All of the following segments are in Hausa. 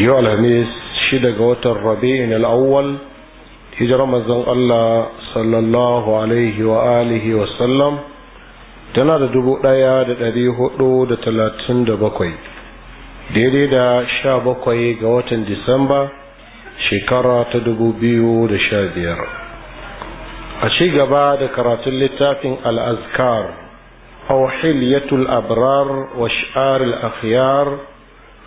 yau alhamis shida ga watan rabi'in al'awwal hijirar mazan Allah sallallahu tana da dubu ɗaya da ɗari hudu da talatin da bakwai daidai da sha bakwai ga watan disamba shekara ta dubu biyu da sha biyar a ci gaba da karatun littafin al'azkar أو حلية الأبرار وشعار الأخيار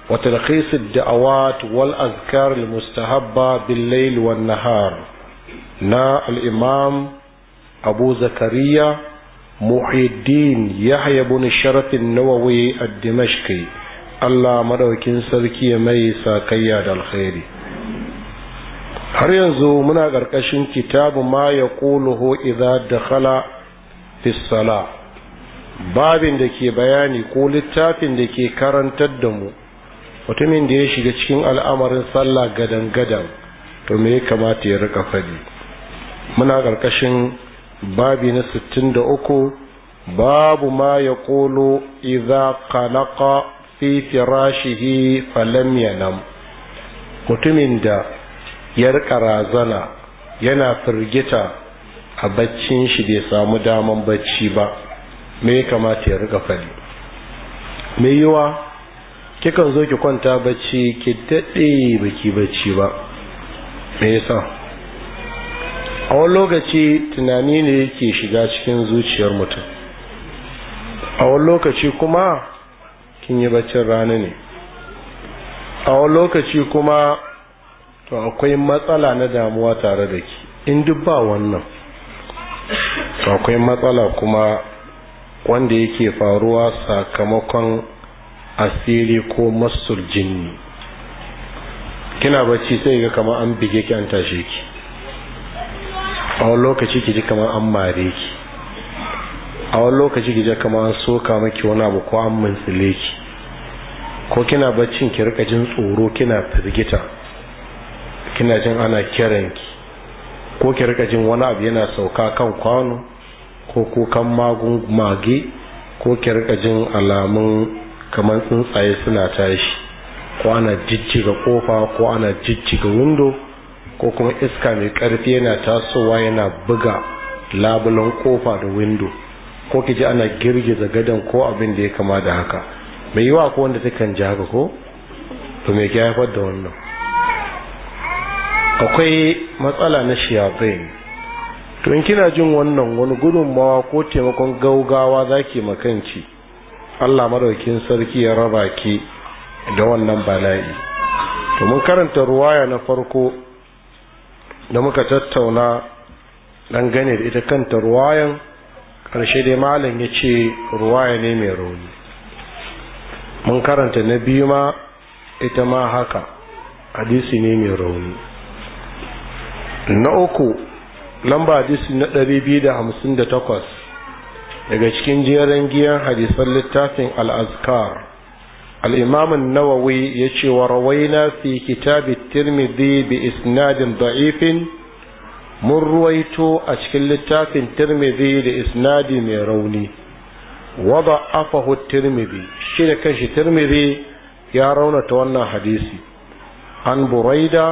وتلخيص الدعوات والأذكار المستحبة بالليل والنهار نا الإمام أبو زكريا محي الدين يحيى بن الشرف النووي الدمشقي الله مدوكين سركي ميسا كياد الخير har yanzu muna ƙarƙashin kitabu ma ya ƙuluhu idza dakhala fi sala babin da ke bayani ko littafin da ke karantar da mu mutumin da ya shiga cikin al'amarin sallah gadan-gadan to me ya kamata ya rika fadi muna ƙarƙashin babi na sittin da uku babu ma ya ƙolo iza kanaka fi firashihi falam yanam mutumin da ya rika razana yana firgita a baccin shi bai samu daman bacci ba me ya kamata ya rika fadi mai yiwa kikan zo ki kwanta bacci ki daɗe baki bacci ba me yasa a wani lokaci tunani ne yake shiga cikin zuciyar mutum a wani lokaci kuma kin yi baccin rana ne a wani lokaci kuma to akwai matsala na damuwa tare da ki in duk ba wannan akwai matsala kuma wanda yake faruwa sakamakon asiri ko masul jinni kina bacci sai ga kamar an bige ki an tashe ki a wani lokaci ki ji kamar an mare ki a wani lokaci ki ji kamar an soka maki wani abu ko an mintsile ki ko kina baccin ki rika jin tsoro kina firgita kina jin ana kiran ki ko ki rika jin wani abu yana sauka kan kwano ko kukan magun mage ko ki rika jin alamun kamar tsuntsaye suna tashi ko ana jijjiga kofa ko ana jijjiga windo ko kuma iska mai karfi yana tasowa yana buga labulan kofa da windo ko kiji ana girgiza gadon ko abin da ya kama da haka mai yiwa ko wanda takan ji haka ko to me ke haifar da wannan akwai matsala na shiyafin to in kina jin wannan wani gudunmawa ko taimakon gaugawa za zaki makanci Allah madaukin sarki ya raba ki da wannan bala'i to mun karanta ruwaya na farko da muka tattauna dan gane da ita kanta ruwayan karshe dai malam ya ce ruwaya ne mai rauni mun karanta na biyu ma ita ma haka hadisi ne mai rauni na uku lamba hadisi na ɗari biyu da hamsin da takwas daga cikin jerin giyan hadisan littafin al-azkar al-imam an-nawawi yace wa rawaina fi kitab at-tirmidhi bi isnadin da'ifin mun ruwaito a cikin littafin tirmidhi da isnadi mai rauni wada afahu tirmidhi shi da shi tirmidhi ya raunata wannan hadisi an buraida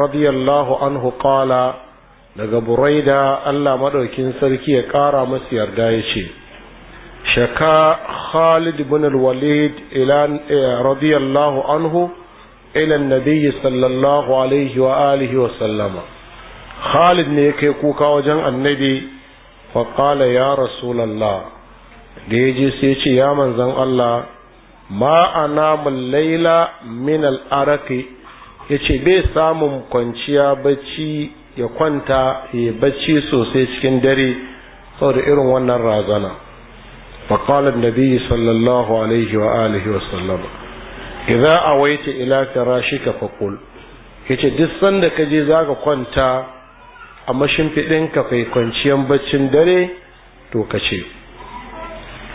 radiyallahu anhu qala daga buraida Allah maɗaukin sarki ya ƙara masa yarda ya ce shaka Khalid ibn al-Walid eh, radiyallahu anhu ila an-nabiy sallallahu alaihi wa alihi wa sallama Khalid ne yake kuka wajen annabi fa qala ya rasulullah da yaje sai ce ya manzon Allah ma anamul laila min al-araqi yace bai samun kwanciya bacci ya kwanta ya bacci sosai cikin dare saboda irin wannan razana فقال wa sallam. Iza a وآله وسلم إذا أويت ka فراشك Ya ce duk sanda ka je zaka kwanta a mashimfiɗinka kai kwanciyar baccin dare to ka ce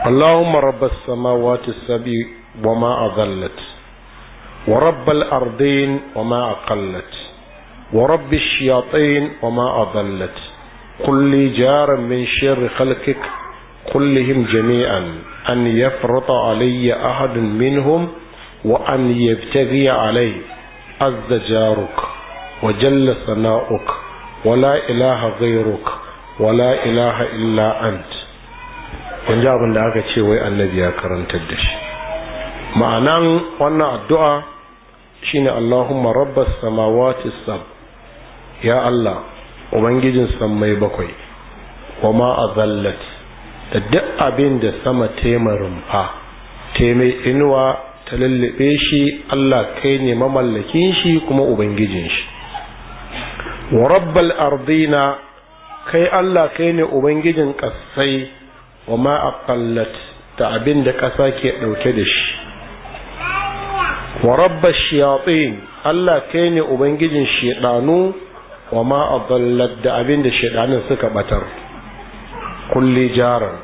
Allahumma rabbas samawati sabi wa ma azallat wa rabbal ardain wa ma aqallat ورب الشياطين وما أضلت قل لي جارا من شر خلقك كلهم جميعا أن يفرط علي أحد منهم وأن يبتغي علي عز جارك وجل ثناؤك ولا إله غيرك ولا إله إلا أنت kun ji abin da aka ce wai annabi ya karantar da shi ma'anan wannan addu'a shine Allahumma rabbas samawati sab ya Allah ubangijin mai bakwai wa ma azallat da duk abin da sama tema rumfa teme inuwa ta lullube shi Allah kai ne mamallakin shi kuma ubangijin shi wa rabbal ardina kai Allah kai ne ubangijin kasai wa ma aqallat da abin da ƙasa ke ɗauke da shi wa rabbal shayatin Allah kai ne ubangijin shaidanu wa ma adallat da abin da shaidanin suka batar kulli jaran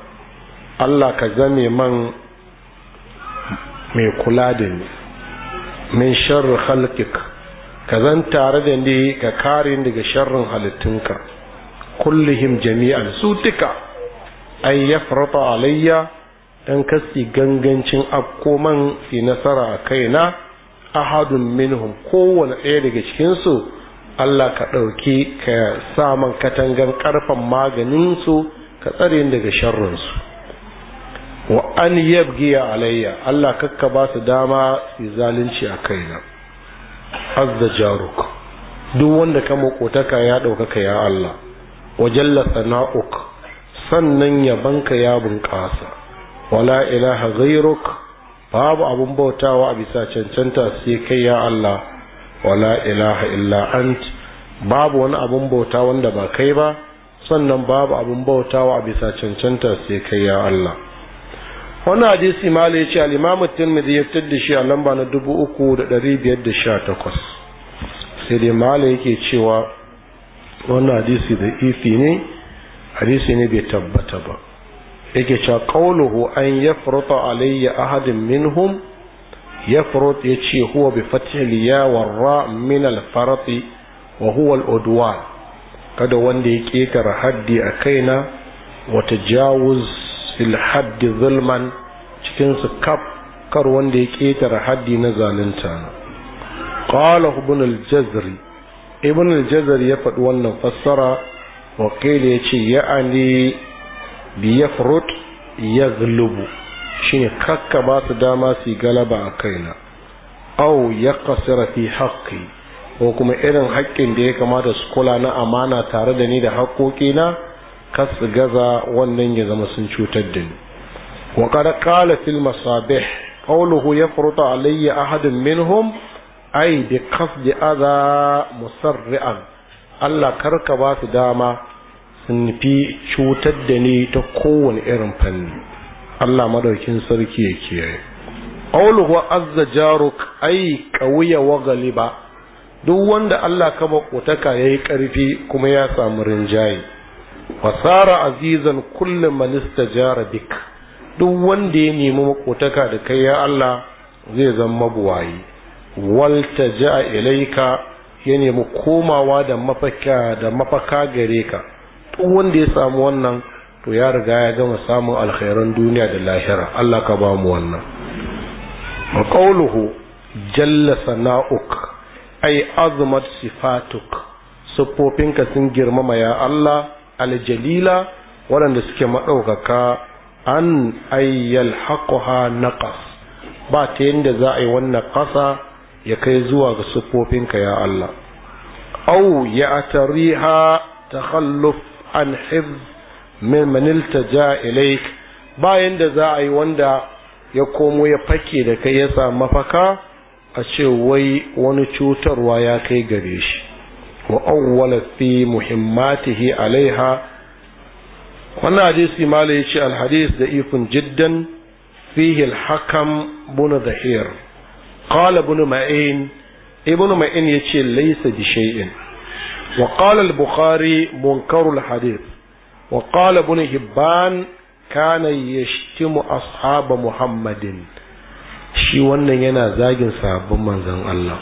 Allah ka zame man mai kula da ni min sharri khalqik ka zan tare da ni ka kare ni daga sharrin halittunka kullihim jami'an su duka ay yafrata alayya dan kasi gangancin afko man fi nasara a kaina ahadun minhum kowane ɗaya daga cikinsu Allah ka ɗauki ka sa man katangan ƙarfan maganinsu ka tsare daga sharrinsu wa an yabgiya alayya Allah kakka ba su dama su zalunci a kaina azza jaruk duk wanda ka makotaka ya ɗaukaka ya Allah wa jalla sana'uk sannan yabanka ya bunƙasa wala ilaha ghayruk babu abun bautawa a bisa cancanta sai kai ya Allah wala ilaha illa ant babu wani abin bauta wanda ba kai ba sannan babu abin bauta wa bisa cancanta sai kai ya Allah wani hadisi malai ce al-imam at-tirmidhi ya tadda shi a lamba na 3518 sai dai malai yake cewa wannan hadisi da ifi ne hadisi ne bai tabbata ba yake cewa qawluhu an yafruta alayya ahadin minhum yafrut ya ce huwa bi fathil ya warra min al wa huwal al kada wanda ya ketara haddi a kaina wa tajawuz fil haddi zulman cikin su kar wanda ya ketara haddi na zalunta qala ibn al jazri ya faɗi wannan fassara wa qila ya ce ya'ani bi yafrut yazlubu shine kakka ba su dama su galaba a kaina au ya kasira fi haƙƙi ko kuma irin haƙƙin da ya kamata su kula na amana tare da ni da haƙƙoƙina kas gaza wannan ya zama sun cutar da ni wa qad qala fil masabih qawluhu yafrutu alayya ahadun minhum ay bi aza adha musarri'an Allah karka ba su dama sun fi cutar da ni ta kowane irin fanni Allah madaukin sarki ya kiyaye qawluhu azza jaruk ay qawiya wa galiba duk wanda Allah ka bakotaka yayi karfi kuma ya samu rinjaye sara azizan kullu man istajara bik duk wanda ya nemi makotaka da kai ya Allah zai zama wal taja'a ilaika ya nemi komawa da mafaka da mafaka gare ka duk wanda ya samu wannan to ya riga ya gama samun alkhairan duniya da lahira Allah ka ba mu wannan wa jalla sana'uk ay azmat sifatuk siffofinka sun girmama ya Allah aljalila waɗanda suke maɗaukaka an ayyal haƙuha naqas ba ta yadda za a yi wannan ƙasa ya kai zuwa ga siffofinka ya Allah au ya atariha takhalluf an hifz man iltaja ilaik bayan da za a yi wanda ya komo ya fake da kai ya samu mafaka a ce wai wani cutarwa ya kai gare shi wa awwala fi muhimmatihi alaiha wannan hadisi mala yace ce alhadis da ifun jiddan fihi al hakam bunu dhahir qala bunu ma'in ibnu ma'in yace laysa bi shay'in wa qala al bukhari munkarul hadith وقال ابن ibn كان يشتم yashtimu محمد muhammadin shi wannan yana zagin sabon manzon Allah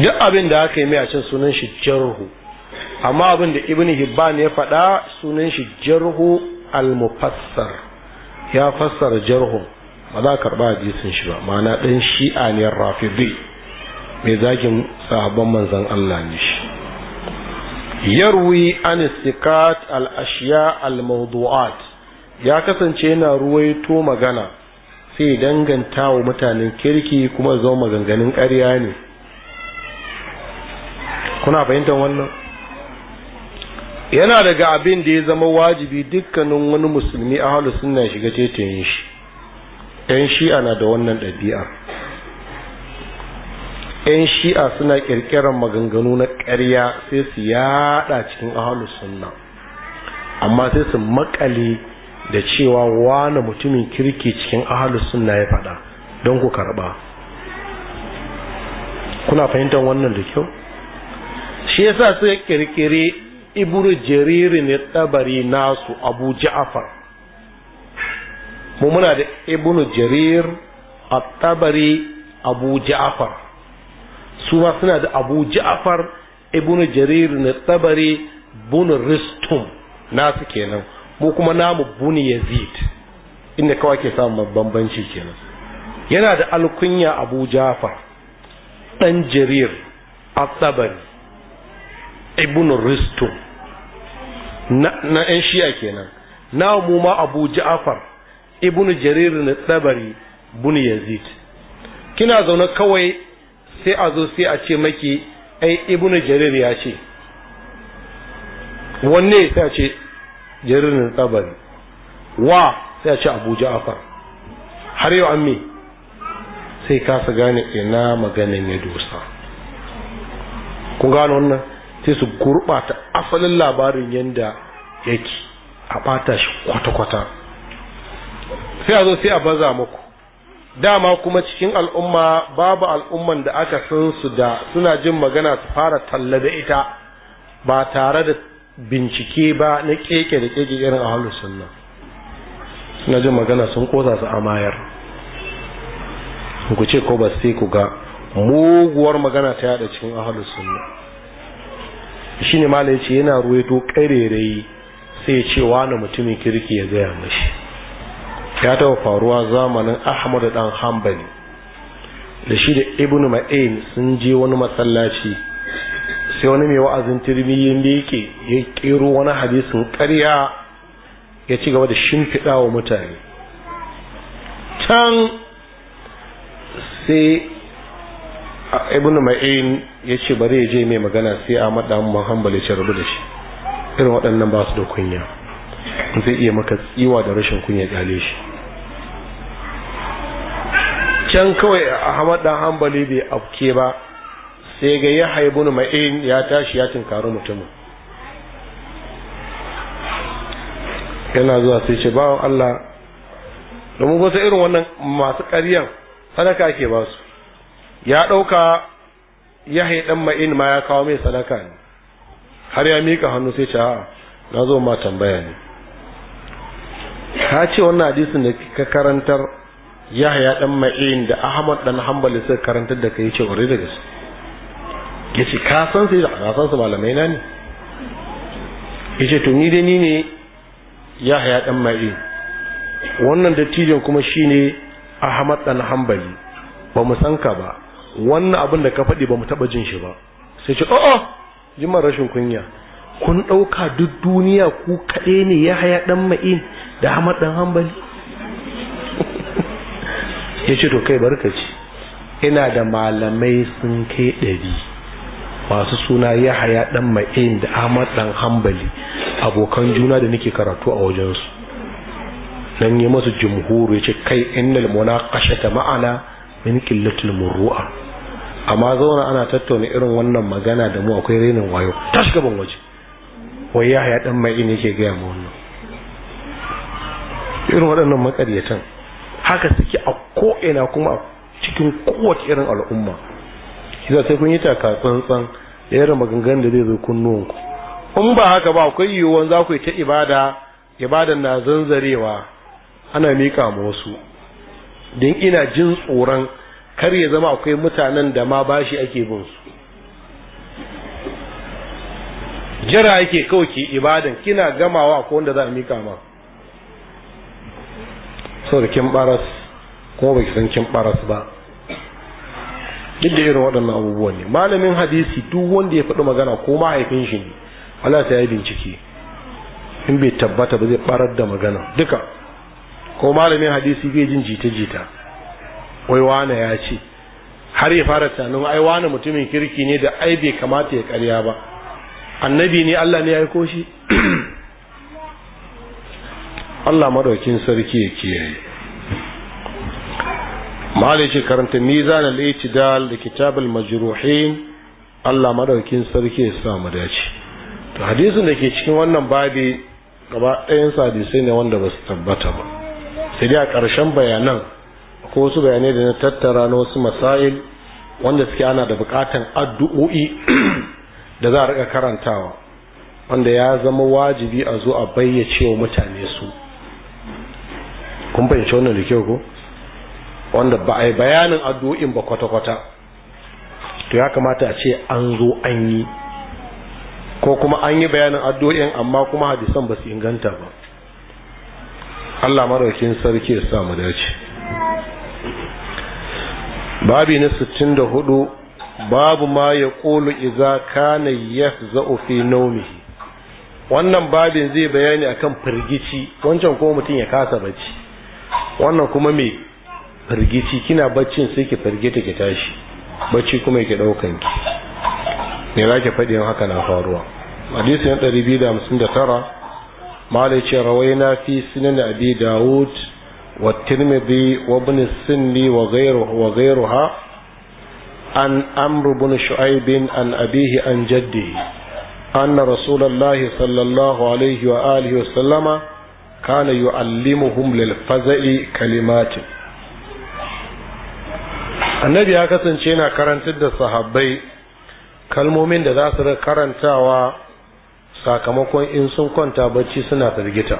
duk abin da aka yi mai a cin sunan shi jarhu amma abin da ibn hibban ya faɗa sunan shi jarhu al-mufassar ya fassara jarhu ba za a karɓa hadisin shi ba ma'ana ɗan shi'a ne rafidi mai zagin sabon manzon Allah ne shi yarwi an istikat al-ashiya al-mawdu'at ya kasance yana ruwaito magana sai danganta wa mutanen kirki kuma zo maganganun ƙarya ne kuna fahimtar wannan yana daga abin da ya zama wajibi dukkanin wani musulmi a halus suna shiga tetayen shi ɗan shi'a na da wannan ɗabi'a 'yan shi'a suna ƙirƙirar maganganu na ƙarya sai su yada cikin ahalus sunna amma sai su makale da cewa wani mutumin kirki cikin ahalus sunna ya faɗa don ku karɓa kuna fahimtar wannan da kyau shi yasa suka kirkiri iburu jariri ne tsabari nasu abu ja'afar mu muna da ibnu jarir at-tabari abu ja'afar su ma suna da abu ja'far ibn jarir na tabari bunu ristum su kenan mu kuma namu buni yazid inda kawai ke samun bambanci kenan yana da alkunya abu ja'far dan jarir at-tabari ibn ristum na yan shi'a kenan na mu ma abu ja'far ibn jarir na tabari bunu yazid kina zaune kawai sai a zo sai a ce maki ai ibnu jarir ya ce wanne sai a ce ne tabari wa sai a ce abu ja'afar har yau an me sai kasa gane ina maganin ya dosa ku gano wannan sai su gurɓata asalin labarin yadda yake a bata shi kwata-kwata sai a zo sai a baza muku dama kuma cikin al'umma babu al'umman da aka san su da suna jin magana su fara talla da ita ba tare da bincike ba na keke da keke irin a sunna suna jin magana sun kosa su amayar ku ce ko ba sai ku ga muguwar magana ta yada cikin ahlus sunna shine malai ce yana ruwaito kairere sai cewa ce wani mutumin kirki ya gaya mashi ya taɓa faruwa zamanin ahmadu ɗan hambali da shi da ibnu ma'in sun je wani masallaci sai wani mai wa'azin tirmiyin da yake ya kero wani hadisin ƙarya ya ci gaba da shimfiɗa wa mutane can sai ibn ma'in ya ce bari ya je mai magana sai ahmad mu muhammad ya ce rabu da shi irin waɗannan ba su da kunya zai iya maka tsiwa da rashin kunya kyale shi can kawai ahmad dan hanbali bai afke ba sai ga ya haibu ma'in ya tashi ya tinkari mutumin yana zuwa sai ce bawan allah domin wasu irin wannan masu ƙaryan sadaka ke ba su ya ɗauka ya haiɗan ma'in ma ya kawo mai sadaka ne har ya mika hannu sai ce a'a na zo ma tambaya ne ka ce wannan hadisin da ka karantar Yahaya dan ma'in da ahmad dan hanbali sai karantar da kai ce ƙwarai da gaske yace ka san sai ka san su malamai na ne yace to ni dai ni ne Yahaya dan ma'in wannan dattijon kuma shine ahmad dan hanbali ba mu san ka ba wannan abin da ka faɗi ba mu taɓa jin shi ba sai ce oh oh jimar rashin kunya kun ɗauka duk duniya ku kaɗai ne ya haya ɗan ma'in da ahmad ɗan hanbali ya ce to kai barkaci ina da malamai sun kai ɗari masu suna ya haya ɗan ma'in da ahmad ɗan hambali abokan juna da nake karatu a wajensu nan yi masu jimhuru ya ce kai innal kashe ta ma'ana min qillatil murru'a amma zauna ana tattauna irin wannan magana da mu akwai renin wayo tashi gaban waje wai ya haya ɗan ma'in yake gaya ma wannan irin waɗannan makaryatan haka suke a ko'ina kuma a cikin kowace irin al'umma shi sai kun yi taka tsantsan da irin maganganun da zai zo kunnuwanku in ba haka ba akwai yiwuwan za ku yi ta ibada ibadan na zanzarewa ana mika ma wasu don ina jin tsoron kar ya zama akwai mutanen da ma bashi ake bin su jira ake kawai ke ibadan kina gamawa ko wanda za a mika ma saboda kin baras kuma ki san kin baras ba duk da irin waɗannan abubuwan ne malamin hadisi duk wanda ya faɗi magana ko mahaifin shi ne Allah ta yi bincike in bai tabbata ba zai barar da magana duka ko malamin hadisi bai jin jita-jita wai wane ya ce har ya fara tunanin ai wane mutumin kirki ne da ai bai kamata ya karya ba annabi ne Allah ne ya aiko shi Allah madaukin sarki ya kiyaye malai ce karanta mizan al-itidal da kitabul majruhin Allah madaukin sarki ya sa mu dace to hadisin da ke cikin wannan babi gaba ɗayan hadisai ne wanda ba su tabbata ba sai dai a ƙarshen bayanan ko wasu bayanai da na tattara na wasu masail wanda suke ana da bukatan addu'o'i da za a rika karantawa wanda ya zama wajibi a zo a bayyace wa mutane su kun fahimci wannan da kyau ko wanda ba a yi bayanin addu'o'in ba kwata-kwata to ya kamata a ce an zo an yi ko kuma an yi bayanin addu'o'in amma kuma hadisan ba su inganta ba Allah maraukin sarki ya samu dace babi na 64 babu ma ya ƙolu iza kana za fi naumihi wannan babin zai bayani akan firgici wancan ko mutum ya kasa bacci wannan kuma mai firgici kina baccin sai ki firgita ki tashi bacci kuma yake daukan ki me za ki faɗi haka na faruwa hadisi na 259 malai ce rawaina fi sunan abi dawud wa tirmidhi wa ibn sinni wa ghayruhu wa ghayruha an amr ibn shu'aib an abihi an jaddihi anna rasulullahi sallallahu alaihi wa alihi wa sallama kana yu'allimuhum lil faza'i kalimatin annabi ya kasance yana karantar da sahabbai kalmomin da za su karantawa sakamakon in sun kwanta barci suna firgita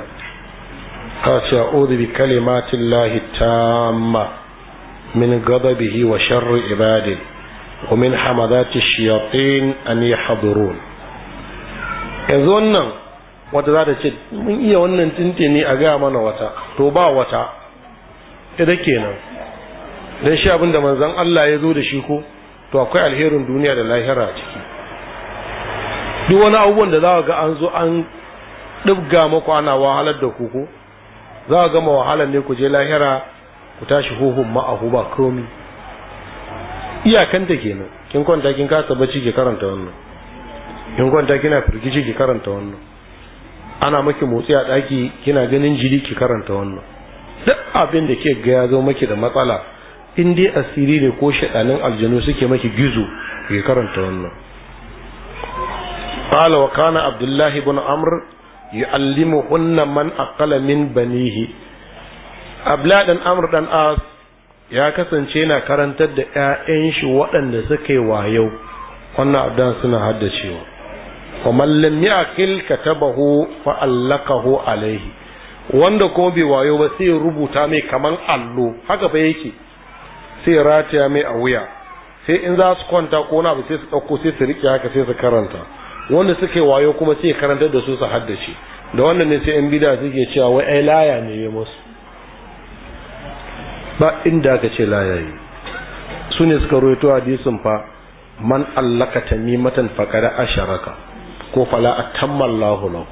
ka ce a'udhu bi kalimatin lahi tamma min ghadabihi wa sharri ibadi wa min hamadati shayatin an yahdurun yanzu wannan wata za ta ce mun iya wannan tinte ne a gaya mana wata to ba wata ita kenan dan shi abin da Allah ya zo da shi ko to akwai alherin duniya da lahira a ciki duk wani abubuwan da za ga an zo an ɗibga maku ana wahalar da ku ko za ga gama wahalar ne ku je lahira ku tashi huhun ma'ahu ba komi iyakanta kenan kin kwanta kin kasa bacci ki karanta wannan kin kwanta kina firgici ki karanta wannan ana maki motsi a ɗaki kina ganin jiri ki karanta wannan duk abin da ke ga ya zo maki da matsala in dai asiri da ko shaɗanin aljanu suke maki gizo ki karanta wannan قال وكان عبد الله بن عمرو يعلمهن من أقل a بنيه Banihi دن أمر دن ya kasance na karantar da 'ya'yan shi waɗanda suka yi wayo wannan abdan suna haddacewa faman lam yaqil katabahu fa allaqahu alaihi wanda ko bai wayo ba sai rubuta mai kaman allo haka fa yake sai rataya mai a wuya sai in za su kwanta ko na ba sai su dauko sai su rike haka sai su karanta wanda suke wayo kuma sai karanta da su su haddace da wannan ne sai yan bida suke cewa wai ai laya ne ya musu ba inda aka ce laya yi su ne suka rawaito hadisin fa man allaka tamimatan faqada asharaka ko fala a kammallahu lahu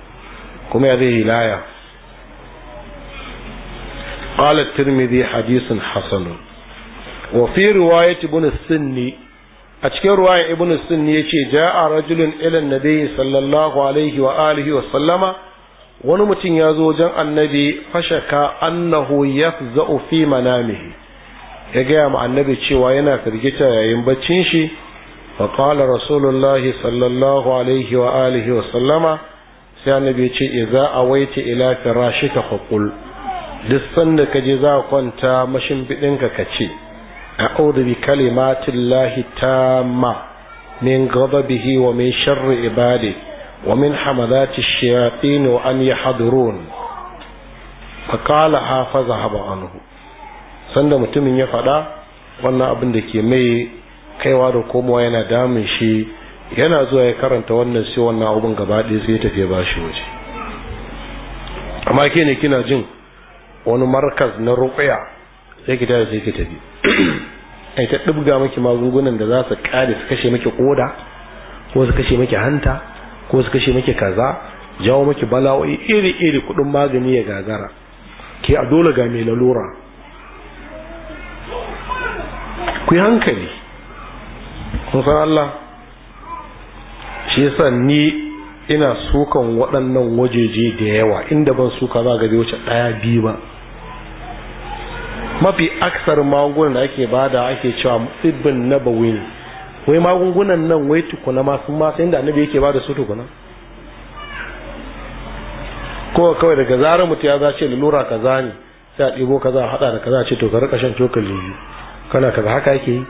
kuma ya zai hilaya ƙalar tirmidhi hadisun hasanu wa fi riwayat ibn sinni a cikin ruwayan ibn sinni ya ce ja a rajulun ilan nabi sallallahu alaihi wa wa sallama wani mutum ya zo wajen annabi fashaka annahu ya za'u fi manamihi ya gaya ma annabi cewa yana firgita yayin baccin shi فقال رسول الله صلى الله عليه وآله وسلم سيانبي إذا أويت إلى فراشك فقل دسن كجزا كنت مشن بدنك كتي أعوذ بكلمات الله التامة من غضبه ومن شر عباده ومن حمدات الشياطين وأن يحضرون فقالها فذهب عنه sanda mutumin ya faɗa wannan abin da ke mai kaiwa da komowa yana damun shi yana zuwa ya karanta wannan sai wannan abun gaba ɗaya sai ya tafi ba shi waje amma kene kina jin wani markaz na ruqya sai ki tafi sai ki tafi ai ta dubga miki magungunan da za su kare su kashe miki koda ko su kashe miki hanta ko su kashe miki kaza jawo miki bala'o'i iri iri kudin magani ya gagara ke a dole ga mai lalura ku yi hankali kun san Allah shi yasa ni ina sukan waɗannan wajeje da yawa inda ban suka za ga bai ɗaya biyu ba mafi aksar magungunan da ake bada ake cewa tsibbin nabawi ne wai magungunan nan wai tukuna ma sun inda annabi yake bada su tukuna ko kawai daga zarar mutum ya zace lura kaza ne sai a ɗibo kaza a haɗa da kaza ce to ka rika shan cokali kana kaza haka yake yi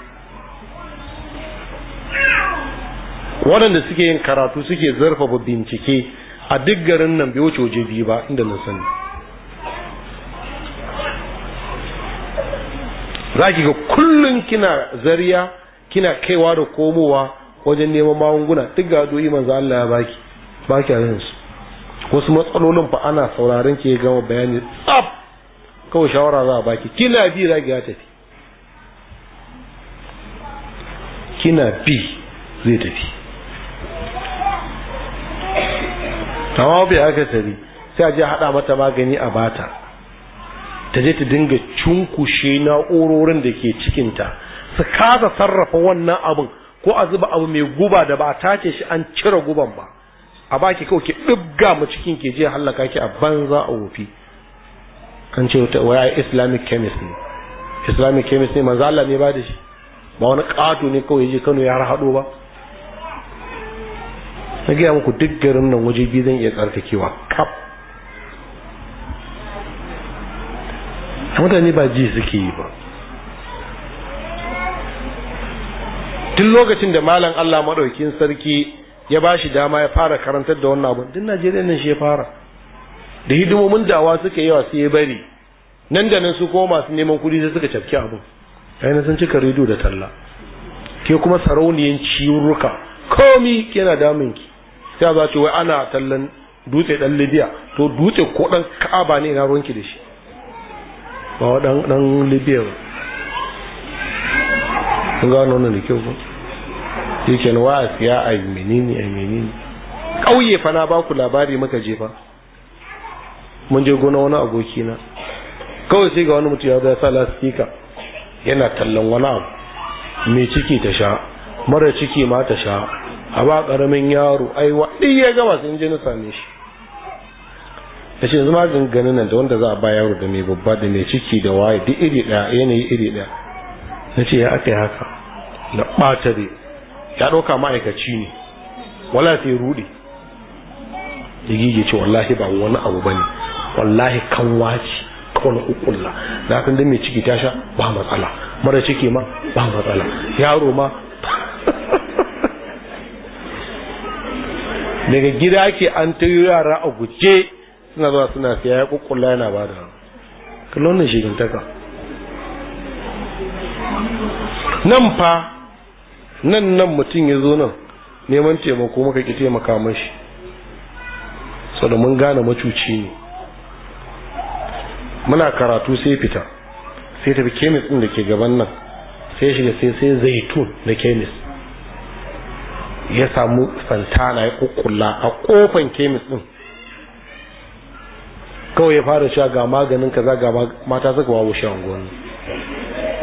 waɗanda suke yin karatu suke zarfafa bincike a duk garin nan bai wuce waje biyu ba inda mun sani za ki ga kullum kina zariya kina kaiwa da komowa wajen neman magunguna duk ga doyi manzo Allah ya baki baki a yanzu wasu matsalolin fa ana sauraron ki gama bayani tsaf kawai shawara za a baki kina bi za ki ya tafi kina bi zai tafi tawa bai aka sari sai a je haɗa mata magani a bata ta je ta dinga cunkushe na'urorin da ke cikinta su kasa sarrafa wannan abin ko a zuba abu mai guba da ba a tace shi an cire guban ba a baki kawai ki ɗibga mu cikin ke je hallaka ki a banza a wofi an ce wata waya islamic chemist ne islamic chemist ne manzala ne ba da shi ba wani ƙato ne kawai je Kano ya har haɗo ba na gaya muku duk garin nan waje biyu zan iya tsarkakewa kaf mutane ba ji suke yi ba Tun lokacin da malam Allah maɗaukin sarki ya ba shi dama ya fara karantar da wannan abin duk Najeriya nan shi ya fara da hidimomin dawa suka yawa sai ya bari nan da nan su kuma masu neman kuɗi sai suka cafke abin ainihin sun cika rido da talla ke kuma sarauniyan ciwurruka komi yana damunki sai za ce wai ana tallan dutse dan libya to dutse ko dan ka'aba ne na ruwanki da shi ba wa dan libya ba kun gano wannan da kyau ko ke na waya siya a menene a menene ƙauye fa na baku labari muka jefa. mun je gona wani aboki na kawai sai ga wani mutum ya zai sa lasifika yana tallan wani abu mai ciki ta sha mara ciki ma ta sha a ba karamin yaro ai wa ya gama sai je na same shi ya ce yanzu maganin nan da wanda za a ba yaro da mai babba da mai ciki da waye duk iri ɗaya yanayi iri ɗaya na ce ya aka yi haka na ɓata dai ya ɗauka ma'aikaci ne wala sai ruɗe ya gige ce wallahi ba wani abu ba ne wallahi kan waci kawai ukulla da haka da mai ciki ta sha ba matsala mara ciki ma ba matsala yaro ma daga gida ake an ta yara a guje suna zuwa suna siya ya kukkula yana ba da kalonin shigintaka nan fa nan nan mutum ya zo nan neman taimako maka ki taimaka mashi saboda mun gane macuci ne muna karatu sai fita sai tafi kemis din da ke gaban nan sai shiga sai sai zaitun da kemis ya samu santana ya kukkulla a kofan kemis din kawai ya fara sha ga maganin kaza ga mata suka wawo shi unguwanni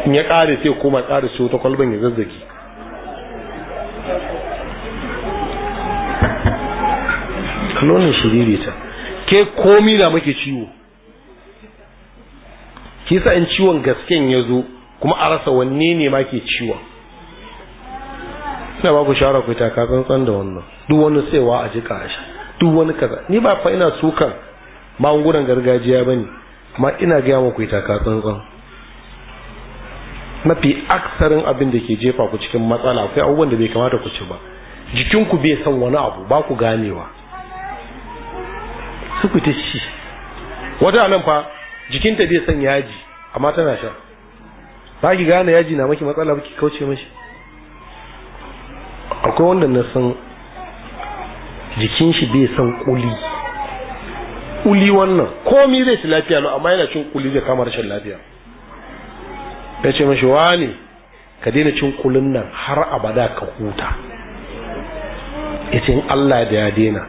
in ya kare sai kuma tsari su ta kwalban ya zazzaki kalonin shiriri ta ke komi da muke ciwo kisa in ciwon gasken ya zo kuma a rasa wanne ne ma ke ciwon ina ba ku shawara ku taka tsantsan da wannan duk wani saiwa a jika shi duk wani kaza ni ba fa ina sukan magungunan gargajiya bane amma ina gaya muku taka tsantsan mafi aksarin abin da ke jefa ku cikin matsala akwai abubuwan da bai kamata ku ci ba jikinku bai son wani abu ba ku ganewa su ku ta ci wata nan fa jikinta bai son yaji amma tana sha ba ki gane yaji na maki matsala ba ki kauce mashi akwai wanda na san jikin shi bai san kuli kuli wannan komi zai ci lafiya no amma yana cin kuli zai kama rashin lafiya ya ce mashi wani ka daina cin kulin nan har abada ka huta ya ce Allah da ya daina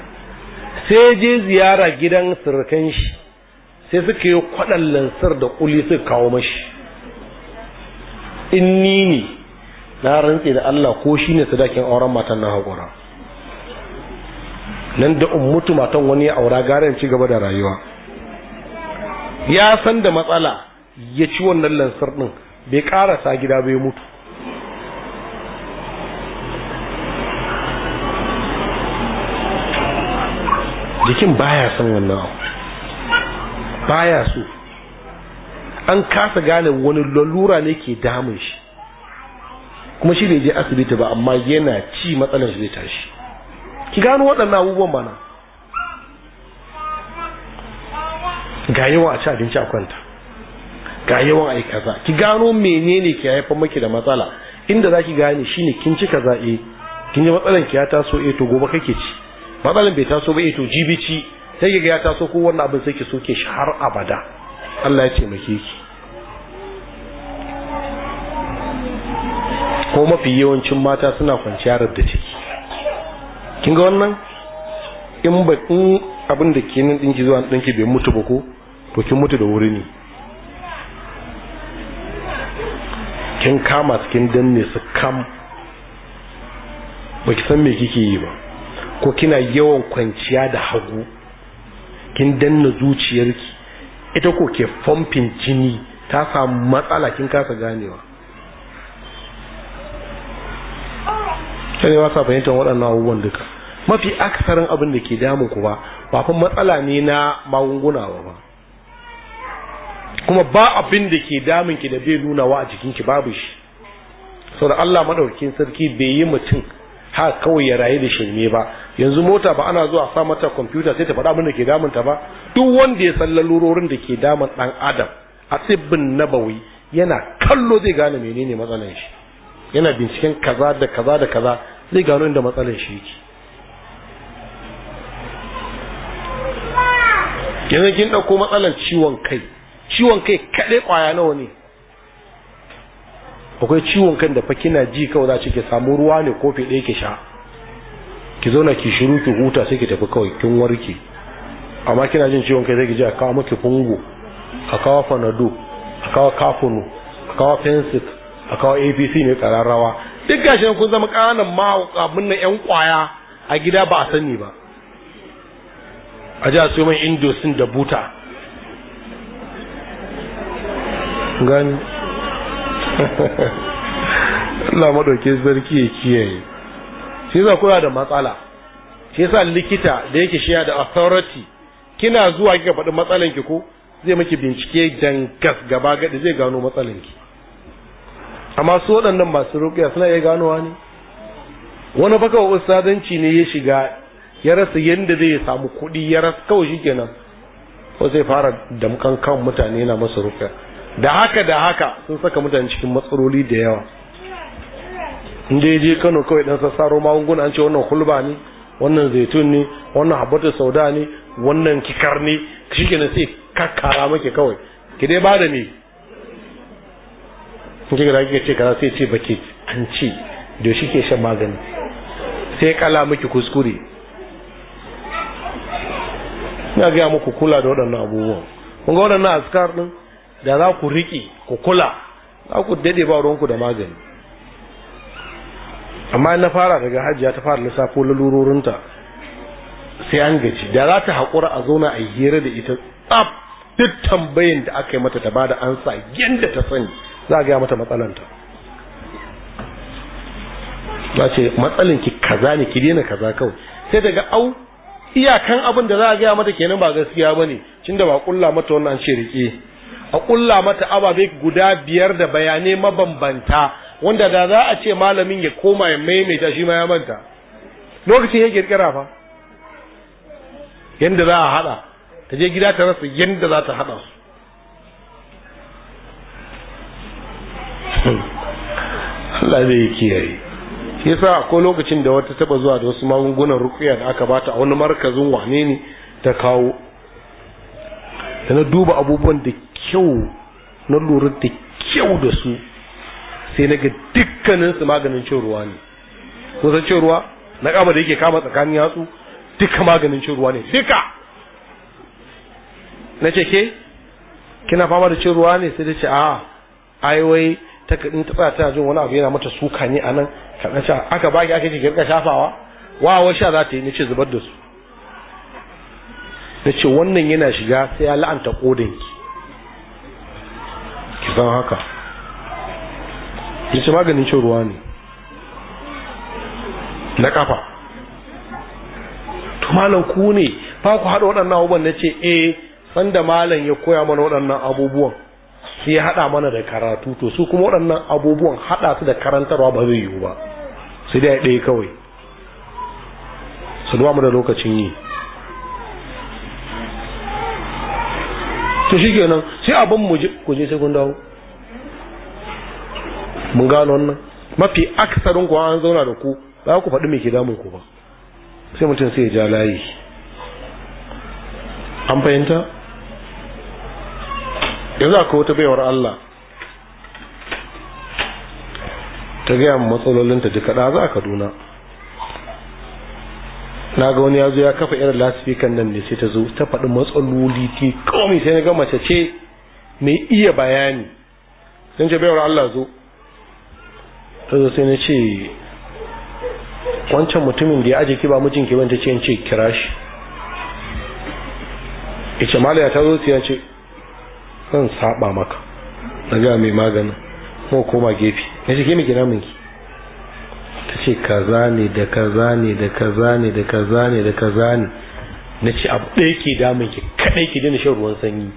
sai je ziyara gidan surukan shi sai suka yi kwaɗan lansar da kuli suka kawo mashi in ni ne na rantse da Allah ko shi ne sadakin auren matan na haƙura nan da in mutu matan wani ya aura gare ci gaba da rayuwa ya san da matsala ya ci wannan lansar ɗin bai ƙarasa gida bai mutu jikin baya son wannan abu baya so an kasa gane wani lalura ne ke damun shi kuma shi bai je asibiti ba amma yana ci matsalar zai tashi ki gano waɗannan abubuwan bana. ga yawan a ci abinci a kwanta ga yawan a yi kaza ki gano menene ki haifar maki da matsala inda za ki gane shine kin cika kaza eh, kin yi matsalan ki ya taso e to gobe kake ci matsalar bai taso ba e to jibi ci sai ga ya taso ko wannan abin sai ki soke shi har abada Allah ya ce taimake ki ko mafi yawancin mata suna kwanciya da ciki kin ga wannan in ba in abin da ke nan dinki zuwa dinki bai mutu ba ko to kin mutu da wuri ne kin kama cikin danne su kam ba ki san me kike yi ba ko kina yawan kwanciya da hagu kin danna zuciyarki ita ko ke famfin jini ta samu matsala kin kasa ganewa mutane ba sa fahimtar waɗannan abubuwan duka mafi aksarin abin da ke damun ku ba ba kuma matsala ne na magunguna ba kuma ba abin da ke damun ki da bai nuna wa a jikin ki babu shi saboda Allah maɗaukin sarki bai yi mutum ha kawai ya rayu da shirme ba yanzu mota ba ana zuwa sa mata kwamfuta sai ta faɗa abin da ke damun ta ba duk wanda ya san lalurorin da ke damun ɗan adam a tsibbin nabawi yana kallo zai gane menene matsalan shi yana binciken kaza da kaza da kaza zai gano inda matsalar shi yake yanzu kin ɗauko matsalar ciwon kai ciwon kai kaɗai ƙwaya nawa ne akwai ciwon kan da fa kina ji kawai za ki ke samu ruwa ne kofi ɗaya ke sha ki zauna ki shiru ki huta sai ki tafi kawai kin warke amma kina jin ciwon kai zai ki ji a kawo maki fungo a kawo fanado a kawo kafunu a kawo fensik a kawo apc ne kararrawa duk gashi kun zama ƙananan ma abin nan yan kwaya a gida ba a sani ba a ji a siyo mai da buta gani Allah madauke sarki ya kiyaye shi za kuna da matsala shi yasa likita da yake shiya da authority kina zuwa kika faɗi matsalanki ko zai miki bincike dangas gaba gadi zai gano matsalanki amma su waɗannan masu ruƙiya suna iya ganowa ne wani baka ustadanci ne ya shiga ya rasa yadda zai samu kuɗi ya rasa kawai shikenan ko zai fara damkan kan mutane na masu ruƙiya da haka da haka sun saka mutane cikin matsaloli da yawa inda ya je kano kawai dan sassaro magunguna an ce wannan hulba ne wannan zaitun ne wannan habbatar sauda ne wannan kikar ne shikenan sai kakkara maki kawai ki dai ba da me in kika da kika ce kaza sai ce baki an ci da shi ke shan magani sai kala miki kuskure Na gaya muku kula da waɗannan abubuwan kun ga waɗannan askar ɗin da za ku riƙe ku kula za ku dade ba ruwanku da magani amma na fara daga hajiya ta fara lissafo lalurorinta sai an gaji da za ta haƙura a zauna a hira da ita tsaf duk tambayin da aka yi mata ta bada ansa yadda ta sani za a gaya mata matsalanta ba ce matsalin ki kaza ne ki daina kaza kawai sai daga au iyakan abin da za a gaya mata kenan ba gaskiya ba bane tunda ba kulla mata wannan ce rike a kulla mata ababe guda biyar da bayanai mabambanta wanda da za a ce malamin ya koma ya maimaita shi ma ya manta lokacin ya kirkira fa yanda za a hada ta je gida ta rasa yanda za ta hada su Allah zai kiyaye shi yasa akwai lokacin da wata taba zuwa da wasu magungunan rukuya da aka bata a wani markazin wane ne ta kawo da na duba abubuwan da kyau na lura da kyau da su sai na ga dukkanin su maganin cin ruwa ne san cin ruwa na kama da yake kama tsakanin yatsu duka maganin cin ruwa ne duka na ce ke kina fama da cin ruwa ne sai da ce a ai wai ta in ta tsaya tana jin wani abu yana mata suka ne a nan kaɗan aka baki aka ce girka shafawa wa sha za ta yi nace zubar da su nace wannan yana shiga sai ya la'anta kodanki ki san haka nace maganin cin ruwa ne na kafa to malam ku ne fa ku haɗa waɗannan abubuwan nace eh sanda malam ya koya mana waɗannan abubuwan sai ya haɗa mana da karatu to su kuma waɗannan abubuwan haɗa su da karantarwa ba zai yiwu ba sai dai ɗaya kawai saduwa mu da lokacin yi to shi kenan sai abin mu je sai kun dawo mun gano wannan mafi aksarin kuwa an zauna da ku ba ku faɗi me ke damun ku ba sai mutum sai ya ja layi an fahimta yanzu akwai wata baiwar Allah ta gaya mu matsalolinta duka da za a kaduna na ga wani ya zo ya kafa irin lasifikan nan ne sai ta zo ta faɗi matsaloli ti komai sai na ga mace ce mai iya bayani sun ce baiwar Allah zo ta zo sai na ce wancan mutumin da ya aje ki ba mijinki ban ta ce in ce kira shi ita malaya ta zo ta ce zan saba maka na ga mai magana ko koma gefe na shi mai gina minki ta ce kaza ne da kaza ne da kaza ne da kaza ne da kaza ne na ce abu ɗaya ke damun ki kaɗai ki dina shan ruwan sanyi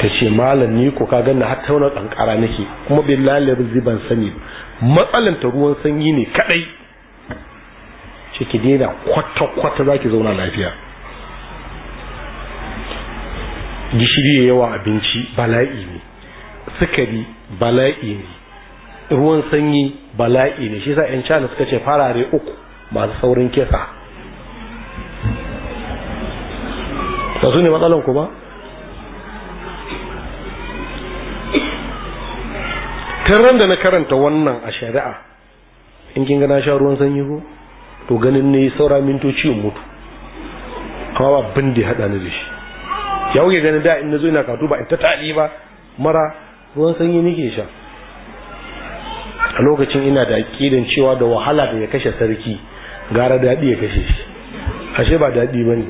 ta ce malam ni ko ka ganna hatta wani ƙanƙara nake kuma billahi lalabin ziban sani matsalin ta ruwan sanyi ne kaɗai ce ki daina kwata-kwata za ki zauna lafiya gishiri ya yawa abinci bala'i ne sukari bala'i ne ruwan sanyi bala'i ne shi sa 'yan cana suka ce farare uku masu saurin kesa ta su ne matsalan ku ba tun da na karanta wannan a shari'a in kin gana sha ruwan sanyi ko to ganin ne saura mintoci mutu amma ba bin ya haɗa ni da shi ya kuke ganin da in na zo ina katu ba in ta tadi ba mara ruwan sanyi nake sha a lokacin ina da kidan cewa da wahala da ya kashe sarki gara daɗi ya kashe shi ashe ba daɗi ba ne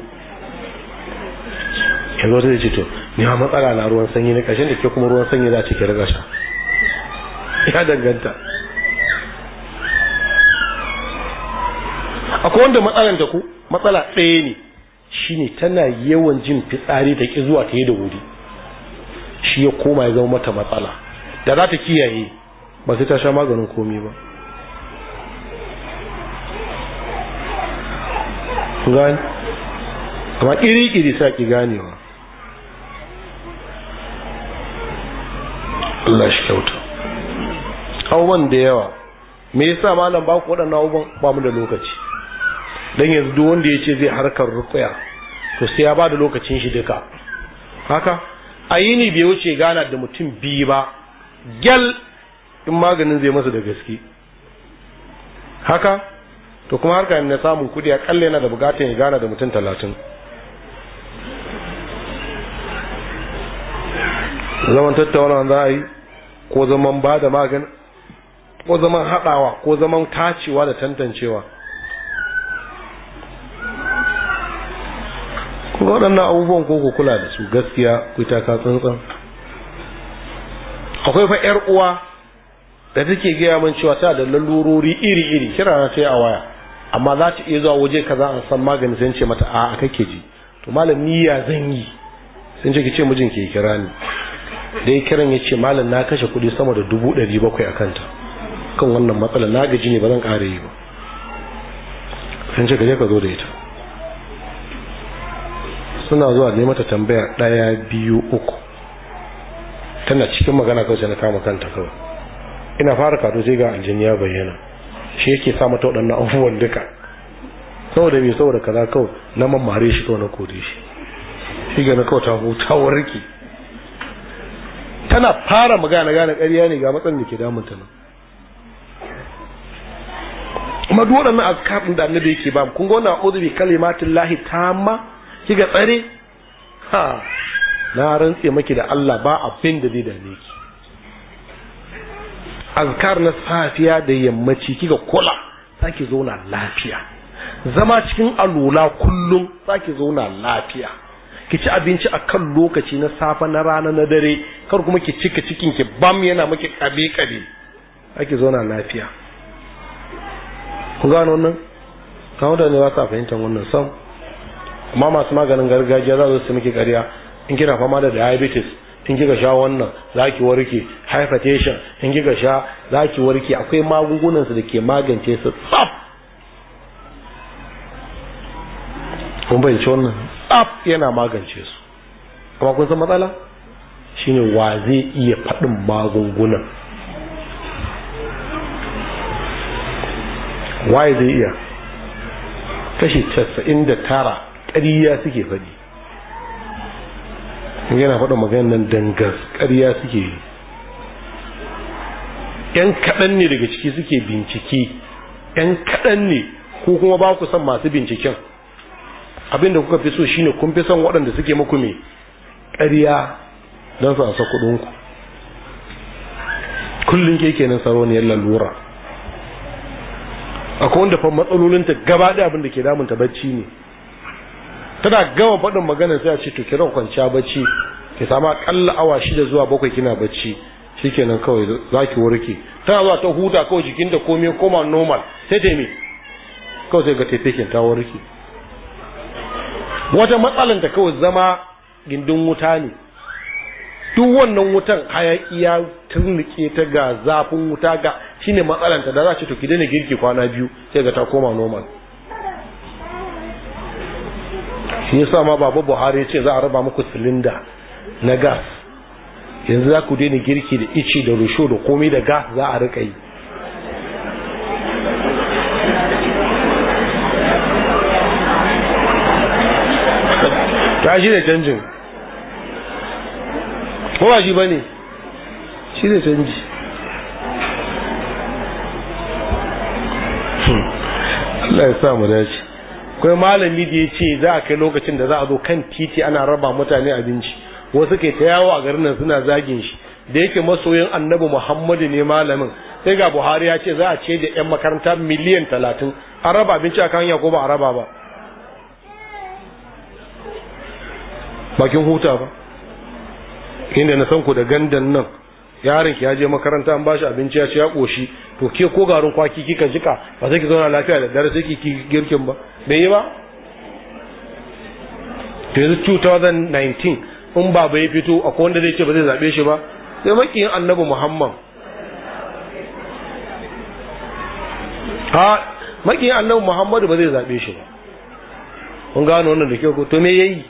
ya zo ce to ni ma matsala na ruwan sanyi na ƙarshen da ke kuma ruwan sanyi za ce ki riga sha ya danganta akwai wanda matsalan da ku matsala ɗaya ne shine tana yawan jin fitsari da ki zuwa ta yi da wuri shi ya koma ya zama mata matsala da za ta kiyaye ba sai ta sha maganin komai ba gani amma kiri-kiri sa ki ganewa Allah shi kyauta abubuwan da yawa me yasa malam ba ku waɗannan abubuwan ba mu da lokaci dan yanzu duk wanda ya ce zai harkar rukuya to sai ya bada lokacin shi duka haka a bai wuce gana da mutum biyu ba gyal in maganin zai masa da gaske haka to kuma harka na samun kudi kalle yana da bukatar ya gana da mutum talatin zaman tattauna za a yi ko zaman ba da magani ko zaman haɗawa ko zaman tacewa da tantancewa waɗannan abubuwan ko ku kula da su gaskiya ku ta ka tsantsan akwai fa yar uwa da take gaya min cewa ta da lalurori iri iri kira na sai a waya amma za ta iya zuwa waje kaza an san magani sai ce mata a'a kake ji to malam niyya zan yi sun ce ki ce mijin ke kira ni da ya kiran ya ce malam na kashe kuɗi sama da dubu ɗari bakwai a kanta kan wannan matsala na gaji ne ba zan ƙara yi ba sun ce ka je ka zo da ita suna zuwa ne mata tambaya ɗaya biyu uku tana cikin magana kawai na kama kanta kawai ina fara kado sai ga aljini ya bayyana shi yake sa mata waɗannan abubuwan duka saboda mai saboda kaza kawai na mamare shi kawai na kore shi shi ga na kawai ta huta warki tana fara magana gane ƙarya ne ga matsan da ke ta. nan kuma duk waɗannan kafin da annabi yake ba kun ga wannan a'udhu bi kalimatillahi tamma kika tsare ha na rantse maki da Allah ba abin da zai dame ki azkar na safiya da yammaci kika kula zaki zauna lafiya zama cikin alula kullum zaki zauna lafiya ki ci abinci a kan lokaci na safe na rana na dare kar kuma ki cika cikin ki bam yana maki kabe kabe zaki zauna lafiya ku gano wannan kawo da ne ba sa fahimtar wannan sam amma masu maganin gargajiya za su su miki ƙarya in kina fama da diabetes in kika sha wannan za ki warke hypertension in kika sha za ki warke akwai magungunan su da ke magance su tsaf kun bayyance wannan tsaf yana magance su amma kun san matsala shine wa zai iya faɗin magungunan waye zai iya kashi casa'in da tara ƙariya suke faɗi yana faɗa maganar nan dangas ƙariya suke yi ‘yan kaɗan ne daga ciki suke bincike ‘yan kaɗan ne ko kuma ba ku son masu binciken abinda kuka fi so shine kun fi son waɗanda suke muku mai ƙariya don su asa kuɗinku kullum ke kenan yalla lalura akwai wanda fa matsalolinta gaba ɗaya abinda ke damunta bacci ne tana gama faɗin maganar sai a ce to kira kwanciya bacci ki samu akalla awa shida zuwa bakwai kina bacci shikenan kawai za ki warke tana zuwa ta huta kawai jikin da komai koma normal sai ta me kawai sai ga taifikin ta warke wata matsalan da kawai zama gindin wuta ne duk wannan wutan hayaki ya turnike ta ga zafin wuta ga shine matsalanta da za ce to ki daina girki kwana biyu sai ga ta koma normal shi yasa ma babu buhari ya ce za a raba muku silinda na gas yanzu za ku daina girki da ice da rusho da komai da gas za a rika yi ta shi da canjin ko ba shi ba ne shi da canji hmm. Allah ya samu dace akwai malami da ya ce za a kai lokacin da za a zo kan titi ana raba mutane abinci wasu ke ta yawo a garin nan suna zagin shi da yake masoyin annabi muhammadu ne malamin sai ga buhari ya ce za a ce da yan makaranta miliyan talatin an raba abinci a kan ko ba a raba ba bakin huta ba inda na san ku da gandan nan yaron ki ya je makaranta an bashi abinci ya ce ya koshi to ke ko garin kwaki kika jika ba zai ki zauna lafiya da dare sai ki girkin ba bai yi ba to yanzu 2019 in ba bai fito akwai wanda zai ce ba zai zabe shi ba sai makiyin annabi muhammad ha makiyin annabi Muhammad ba zai zabe shi ba kun gano wannan da ke ko to me yayi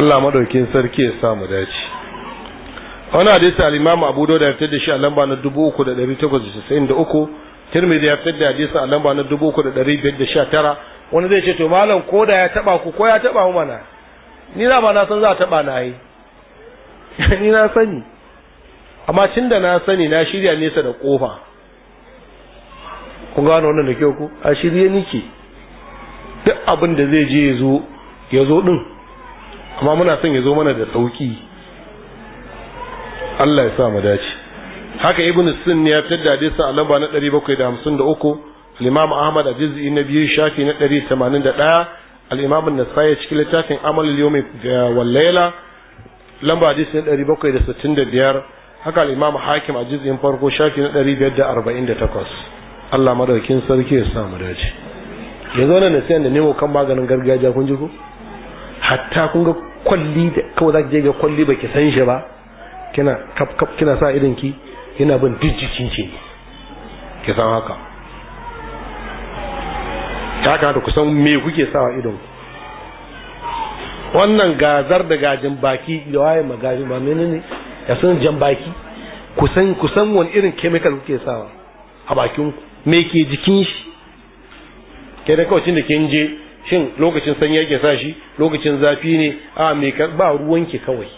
Allah madaukin sarki ya samu dace wani hadisi al-imam abu dawud ya fitar da shi a lamba na 3893 tirmidhi ya fitar da hadisi a lamba na 3519 wani zai ce to malam ko da ya taba ku ko ya taba mu mana ni na ba na san za a taba na yi ni na sani amma tun da na sani na shirya nesa da kofa kun gano wannan da kyau ku a shirye nike duk abin da zai je ya zo ya zo din amma muna son ya zo mana da sauki Allah ya sa mu dace haka ibnu sunni ya tadda hadisi a lamba na 753 al-imam ahmad ajizi na biyu shafi na 181 al-imam an-nasai cikin littafin amal al-yawmi eh, wal layla lamba hadisi na 765 haka al-imam hakim in farko shafi na 548 Allah madaukin sarki ya sa mu dace yanzu nan sai da nemo kan maganin gargajiya kun ji ko hatta kun ga kwalli da kawai za ki je ga kwalli baki san shi ba kina kap kap kina sa idan ki Ina bin duk jikin ki ki san haka ka da kusan me kuke sawa idon wannan gazar da gajin baki da waye magaji ba menene ya san jan baki kusan kusan wani irin chemical kuke sawa a bakin ku me ke jikin shi ke da kawacin da kin je shin lokacin sanyi yake sa shi lokacin zafi ne a me ba ruwan ki kawai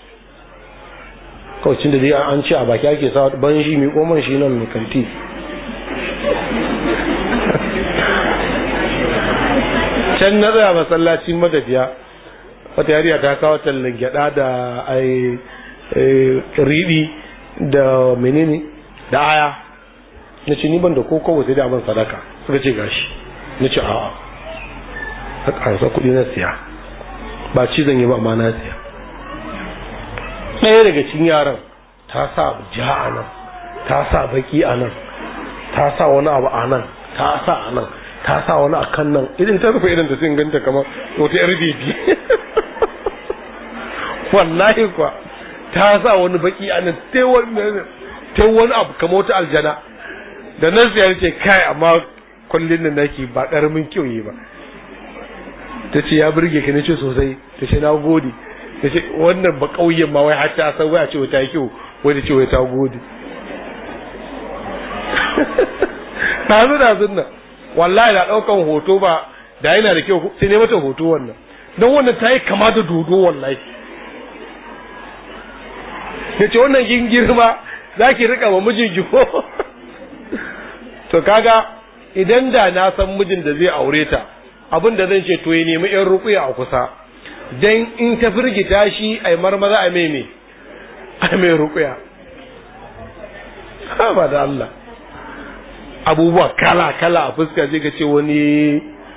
kawai da dai an ce a baki ake sa ban shi mai koman shi nan mai kanti can na tsaya masallacin matafiya wata yariya ta kawo tallan gyada da ai riɗi da menene da aya na ce ni ban da ko wata da ban sadaka suka ce gashi na ce a'a a ƙansa kuɗi na siya ba cizon yi ba ma na siya ɗaya daga cikin yaran ta sa ja a nan ta sa baki a nan ta sa wani abu a nan ta sa a nan ta sa wani a kan nan idan ta rufe idan ta sun ganta kamar wata yar bebi wallahi kuwa ta sa wani baki a nan ta wani abu kamar wata aljana da nan sai ce kai amma kwallin da nake ba ƙaramin kyau yi ba ta ce ya burge ka ne ce sosai ta ce na gode ce wannan ba kauyen ma wai ta san wai a ce ta kiwo wai ce wai ta gode dazu dazun nan wallahi da daukan hoto ba da yana da kyau sai ne mata hoto wannan don wannan ta yi kama da dodo wallahi ce wannan kin girma za ki rika ma mijin ki ko to kaga idan da na san mijin da zai aure ta abin da zan ce to ya nemi yan rukuya a kusa dan in ka firgita shi ai marmaza ai meme me ai mai rukuya ba da Allah abubuwa kala kala a fuska je ka ce wani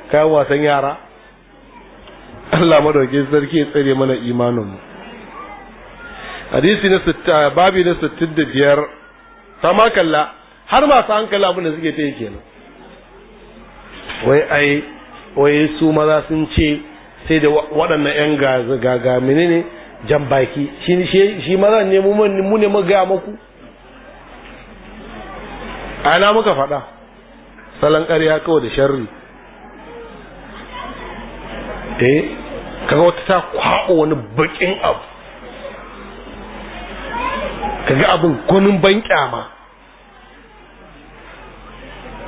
kayan wasan yara Allah madauke sarki ya tsare mana imanin mu hadisi na sitta babi na 65 sama kalla har masu hankali abin da suke ta yi kenan wai ai wai su maza sun ce sai da waɗannan yan gaga mini ne jan baki shi shi shi maza ne mu ne mu ga muku ana muka faɗa salon ƙarya kawai da sharri eh kaga wata ta kwaɓo wani bakin abu kaga abin gwanin ban ma.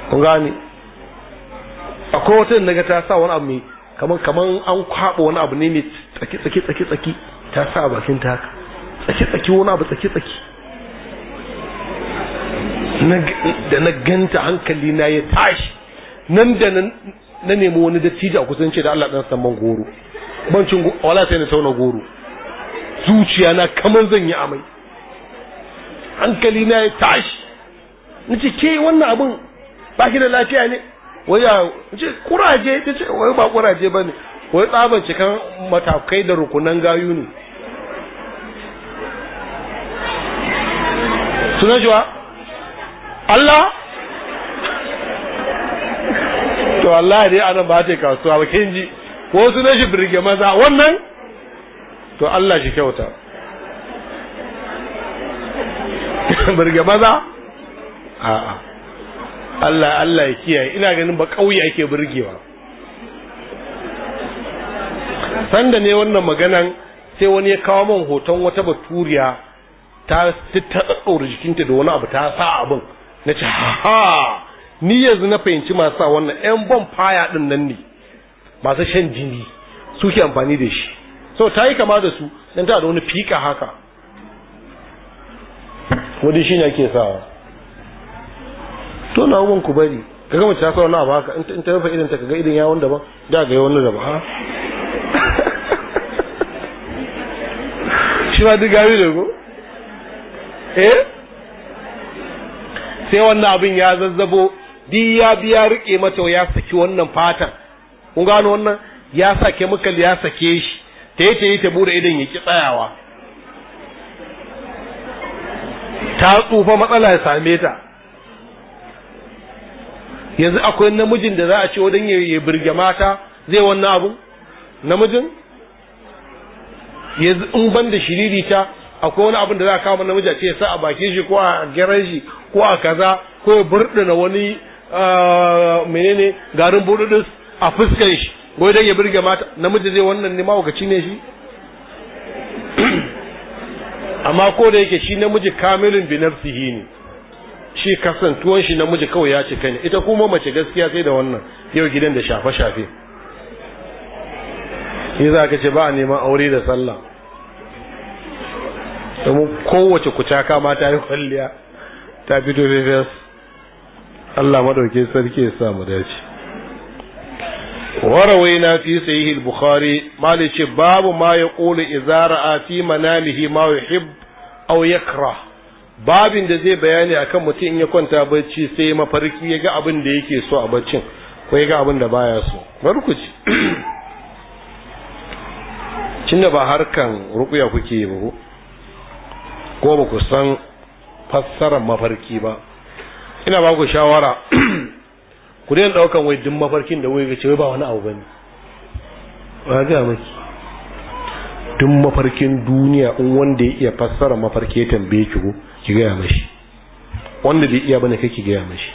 kun gane akwai wata daga ta sa wani abu mai kamar kamar an kwaɓa wani abu ne mai tsaki tsaki tsaki tsaki ta sa a bakin ta haka tsaki tsaki wani abu tsaki tsaki da na ganta hankali na ya tashi nan da nan na nemi wani dattijo a kusanci da Allah dan samman goro bancin wala sai na tauna goro zuciya na kamar zan yi amai hankali na ya tashi nace ke wannan abun ba ki da lafiya ne Wai ya ce kuraje ta ce wai ba kuraje ba ne wai tsaban cikan matakai da rukunan gayu ne sunan shi Allah to Allah dai anan ba ta kasuwa ba kin ji ko sunan shi birge maza wannan to Allah shi kyauta birge maza a'a Allah Allah ya kiyaye ina ganin ba kauye ake burgewa sanda ne wannan maganan sai wani ya kawo man hoton wata baturiya ta tattaura jikinta da wani abu ta sa abin na ce ha ni yanzu na fahimci masu sa wannan yan ban faya din nan ne masu shan jini su ke amfani da shi so ta yi kama da su dan ta da wani fika haka wani shi ne ake sawa to na abubuwan ku bari ka gama ta sauna a baka in ta rufe idan ta kaga idan yawon daban da ga yawon daban ha shi ma duk gari da ko eh sai wannan abin ya zazzabo di ya biya rike mata ya saki wannan fatan kun gano wannan ya sa chemical ya sake shi ta yi ta yi ta bude idan ya ki tsayawa ta tsufa matsala ya same ta yanzu akwai namijin da za a ce wadan ya birge mata zai wannan abu namijin yanzu in ban da ta akwai wani abin da za a kama namiji a ce ya sa a bakin shi ko a gyaran shi ko a kaza ko ya burɗina wani ah, menene garin burɗus a fuskan shi ko dan ya birge mata namiji zai wannan ne mahaukaci ne shi amma ko da yake shi namiji kamilin binar nafsihi ne shi tuwon shi namiji kawai ya cika ne ita kuma mace gaskiya sai da wannan yau gidan da shafe-shafe shi za ka ce ba a neman aure da sallah domin kowace kucaka ma ta yi kwalliya ta fito fefes Allah maɗauki sarki ya sa mu dace na fi sahihi yi bukhari mali ce babu ma ƙoli izara a fi manamihi ma yuhib aw yakrah babin da zai bayani akan mutum in ya kwanta bacci sai mafarki ya ga abin da yake so a baccin ko ya ga abin da baya so barkuci ku ci ba harkan rukuya kuke yi ba ko ba ku san fassarar mafarki ba ina ba ku shawara ku daina daukan wai duk mafarkin da wai gace wai ba wani abu bane ba ga miki duk mafarkin duniya in wanda ya iya fassara mafarki ya tambaye ki ko ki gaya mashi wanda bai iya bane kake gaya mashi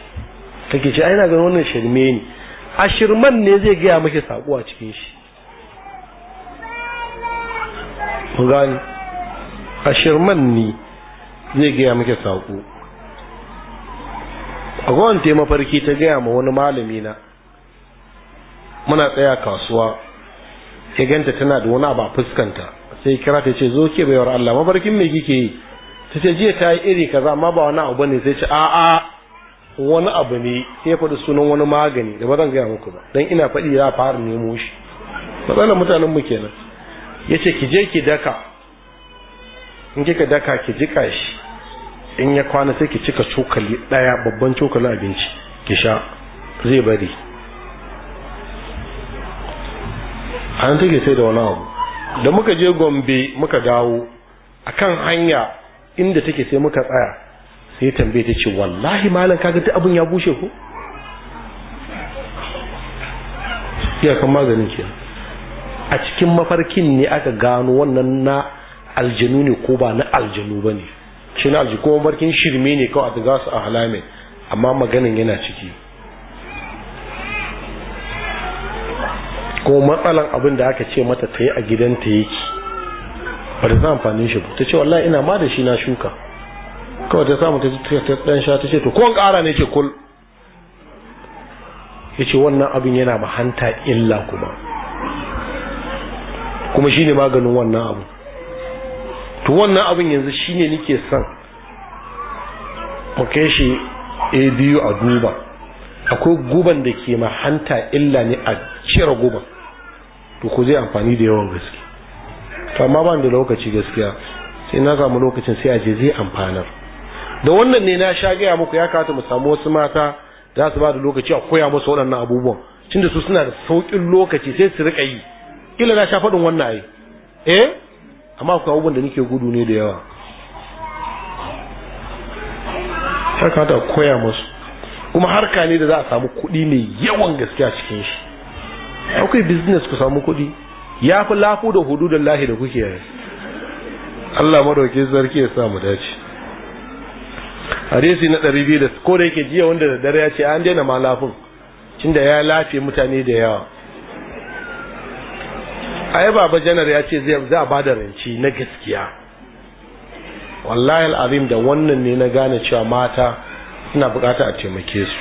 kake ce aina na ganin wannan shirme ne a shirman ne zai gaya maki sako a cikin shi ku gani a shirman ne zai gaya maki saƙo a gwamnati mafarki ta gaya ma wani malami na muna tsaya kasuwa ya ganta tana da wani abu a fuskanta sai kira ta ce zo ke baiwar Allah mafarkin me kike yi ta ce jiya ta yi iri kaza amma ba wani abu ne sai ce a'a wani abu ne sai faɗi sunan wani magani da ba zan gaya muku ba don ina faɗi ya fara nemo shi matsalar mutanen mu kenan ya ce ki je ki daka in kika daka ki jika shi in ya kwana sai ki cika cokali ɗaya babban cokalin abinci ki sha zai bari an take sai da wani abu da muka je gombe muka dawo akan hanya inda take sai muka tsaya sai tambaye ta ce wallahi malam kaga duk abin ya bushe ko kan maganin ke a cikin mafarkin ne aka gano wannan na aljanu ne ko ba na aljanu ba ne shi na aljanu kuma mafarkin shirme ne kawai a za su a halamin amma maganin yana ciki ko matsalan abin da aka ce mata ta yi a gidanta yake bari ta amfani amfanin shi ta ce wallahi ina ma da shi na shuka kawai ta samu ta ta dan sha ta ce to ko ƙara ne ke kul yace wannan abin yana hanta illa kuma kuma shine maganin wannan abu to wannan abin yanzu shine nake son mu kai shi a biyu a duba akwai guban da ke hanta illa ne a cire guban to ku zai amfani da yawan gaske to amma ban da lokaci gaskiya sai na samu lokacin sai a je zai amfanar da wannan ne na sha gaya muku ya kamata mu samu wasu mata za su ba da lokaci a koya musu waɗannan abubuwan tunda su suna da sauƙin lokaci sai su riƙa yi kila na sha faɗin wannan ayi eh amma akwai abubuwan da nake gudu ne da yawa ya kamata koya musu kuma harka ne da za a samu kuɗi mai yawan gaskiya cikin shi akwai business ku samu kuɗi ya fi lafu da hududun lahi da kuke yi Allah madauki sarki ya sa mu dace hadisi na 200 ko da yake jiya wanda da dare ya ce an daina ma lafin tunda ya lafi mutane da yawa ai baba janar ya ce zai za a da ranci na gaskiya wallahi al'azim da wannan ne na gane cewa mata suna bukata a taimake su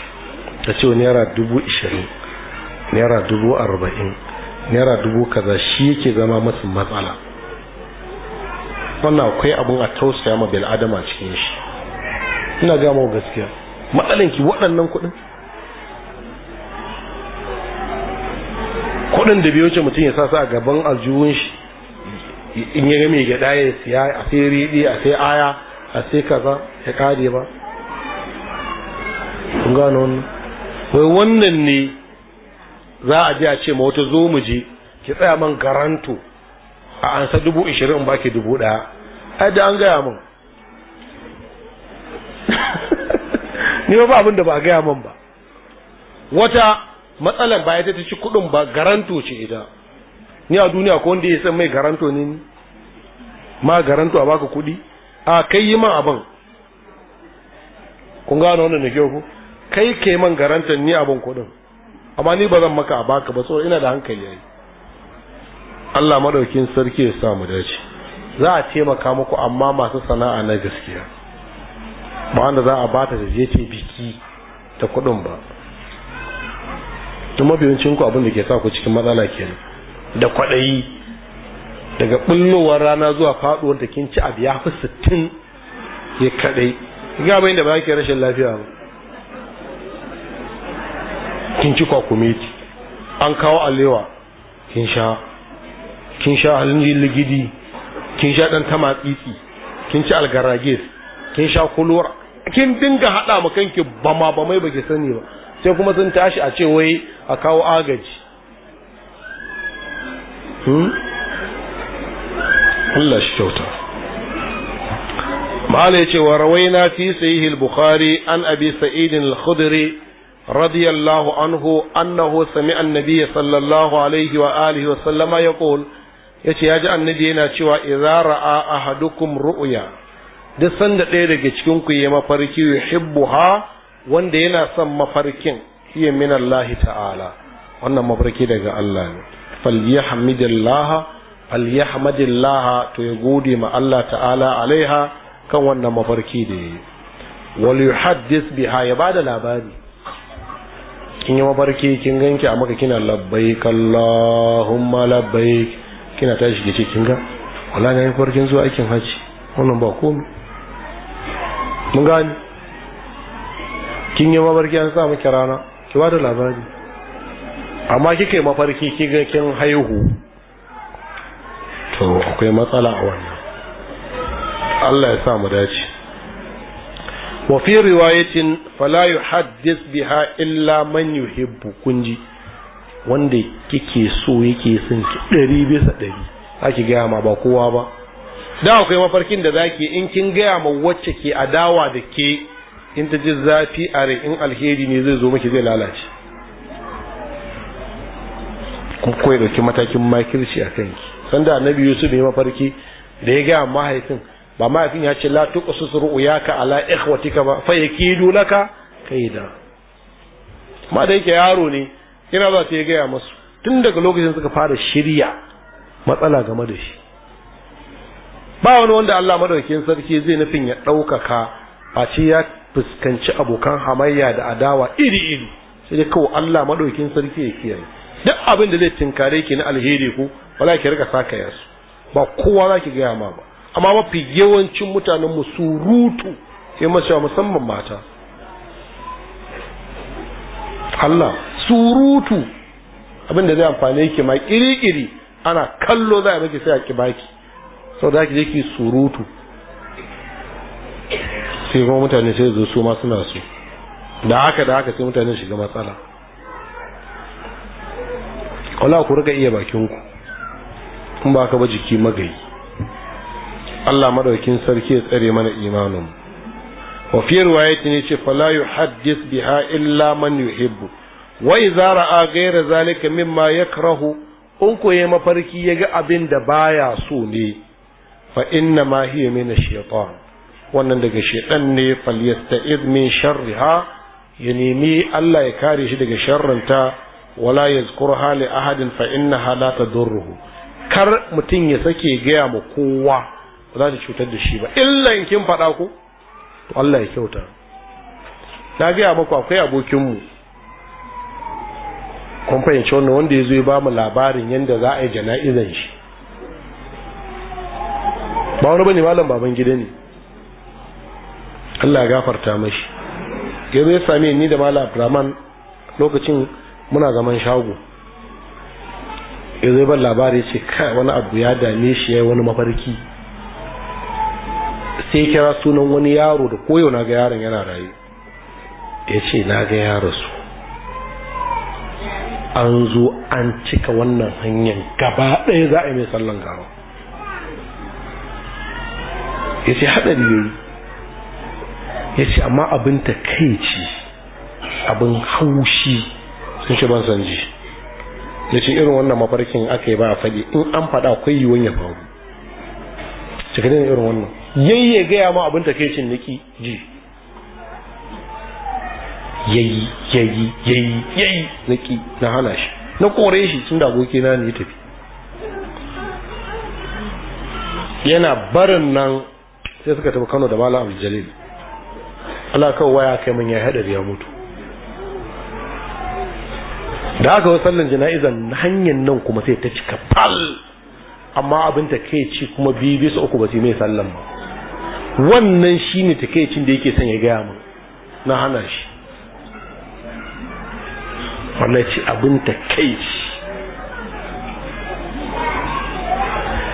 ta ce naira dubu ishirin naira dubu arba'in naira dubu kaza shi yake zama masu matsala wannan akwai abun a tausaya ma bil adama cikin shi ina ga mu gaskiya matsalan ki waɗannan kuɗin kuɗin da biyo ce mutum ya sa sa a gaban aljuhun shi in ya ga mai gyaɗa ya siya a sai riɗi a sai aya a sai kaza ya kare ba kun gano wannan wai wannan ne za a je a ce ma wata zo mu je ki tsaya man garanto a ansa dubu ishirin ba ki dubu ɗaya ai da an gaya min ni ba abin da ba a gaya min ba wata matsalar ba ita ta ci kuɗin ba garanto ce ita ni a duniya ko wanda ya san mai garanto ne ni ma garanto a baka kuɗi a kai yi man abin kun gano wannan da kyau ku kai ke man garanton ni abin kuɗin amma ni ba zan maka a baka ba saboda ina da hankali yayi Allah madaukin sarki ya sa mu dace za a taimaka muku amma masu sana'a na gaskiya ba wanda za a bata da jeje biki ta kudin ba tun mafiyancin ku abin da ke sa ku cikin matsala kenan da kwaɗayi daga bullowar rana zuwa faɗuwar da kin ci abu ya fi sittin ya kaɗai ga bayan da ba ke rashin lafiya ba kin ci kwakumeti an kawo alewa kin sha kin sha halin ligidi kin sha dan tamatsitsi kin ci algarages kin sha kulura kin dinga hada ma kanki bama bamai baki sani ba sai kuma sun tashi a ce wai a kawo agaji hmm? Allah shi kyauta ma'ala ya ce wa rawaina fi sahih bukhari an abi sa'id al-khudri رضي الله عنه أنه سمع النبي صلى الله عليه وآله وسلم يقول yace ya ji annabi yana cewa idza a ahadukum ru'uya. duk sanda ɗaya daga cikin ku yayi mafarki yuhibbuha wanda yana son mafarkin hiya min Allah ta'ala wannan mafarki daga Allah ne falyahmidillah falyahmadillah to ya gode ma Allah ta'ala alaiha kan wannan mafarki da yayi wal yuhaddis biha ya bada labari kin yi mafarki kin ganki a maka kina labbaik Allahumma labai. kina ta shiga kin ga wala ne farkin zuwa aikin haji wannan ba komai mun gani kin yi mafarki an sa miki rana ki bada labari amma yi mafarki kiga kin haihu to akwai matsala a wannan Allah ya sa mu dace wa fi riwayatin fala yuhaddis biha illa man yuhibbu kunji wanda kike so yake son ki ɗari bisa ɗari ake gaya ma ba kowa ba da akwai mafarkin da zaki in kin gaya ma wacce ke adawa da ke in ta ji zafi a rai in alheri ne zai zo miki zai lalace kun koyi dauki matakin makirci a kanki sanda annabi yusuf ne mafarki da ya gaya mahaifin ba ma ya ce la tuqsus ka ala ikhwatika ba fa yakidu laka kaida ma da yake yaro ne ina za ta yi gaya masu tun daga lokacin suka fara shirya matsala game da shi ba wani wanda Allah madaukakin sarki zai nufin ya ɗaukaka a ce ya fuskanci abokan hamayya da adawa iri iri sai dai kawai Allah madaukakin sarki ya kiyaye duk abin da zai tinkare ki na alheri ko wala ki rika saka yasu ba kowa za ki gaya ma ba amma mafi yawancin mutanen mu surutu sai mace musamman mata Allah surutu abin zai amfani yake ma kirikiri ana kallo za a rage sai a ki baki sau da zai ki surutu sai kuma mutane sai zo su ma suna su da haka da haka sai mutane shiga matsala wala ku riga iya bakinku in ba ka ba jiki magayi Allah madaukin sarki ya tsare mana imanin wa fi riwayatin yace fala yuhaddith biha illa man yuhibbu wa idza ra'a ghayra zalika mimma yakrahu in ko yayi mafarki yaga abin da baya so ne fa inna ma hiya min ash-shaytan wannan daga shaytan ne fal falyasta'iz min sharriha ya nemi Allah ya kare shi daga sharrinta wala yazkurha li ahadin fa innaha la tadurruhu kar mutum ya sake gaya ma kowa ba za ta cutar da shi ba illan kin faɗa ko to Allah ya kyauta na gaya muku akwai abokinmu kun fahimci wannan wanda ya zo ya ba mu labarin yadda za a yi jana'izan shi ba wani bane malam baban gida ne Allah ya gafarta mashi ya zai ya same ni da malam Abdurrahman lokacin muna zaman shago ya zai ban labari ce kai wani abu ya dame shi ya yi wani mafarki sai kira sunan wani yaro da koyo na ga yaron yana rayu ya ce na ga yaro su an zo an cika wannan hanyar gaba ɗaya za a yi mai sallan gawa ya ce haɗari yi. ya ce amma abin ta kai ce abin haushi sun ce ban san ji ya ce irin wannan mafarkin aka yi ba a faɗi in an faɗa akwai yiwuwar ya faru cikin irin wannan yayye gaya ma abin takeicin niki ji yayi yayi yayi yayi niki na hana shi na kore shi tun da abokina ne tafi yana barin nan sai suka tafi Kano da Malam Jalil Allah kawai waya kai mun ya hadari ya mutu da aka wasan nan jana'izan hanyar nan kuma sai ta cika fal amma abin ta ke ci kuma biyu bisa uku ba su yi mai sallan ba wannan shi ne takaicin da yake son ya gaya mu na hana shi wannan ce abin takaici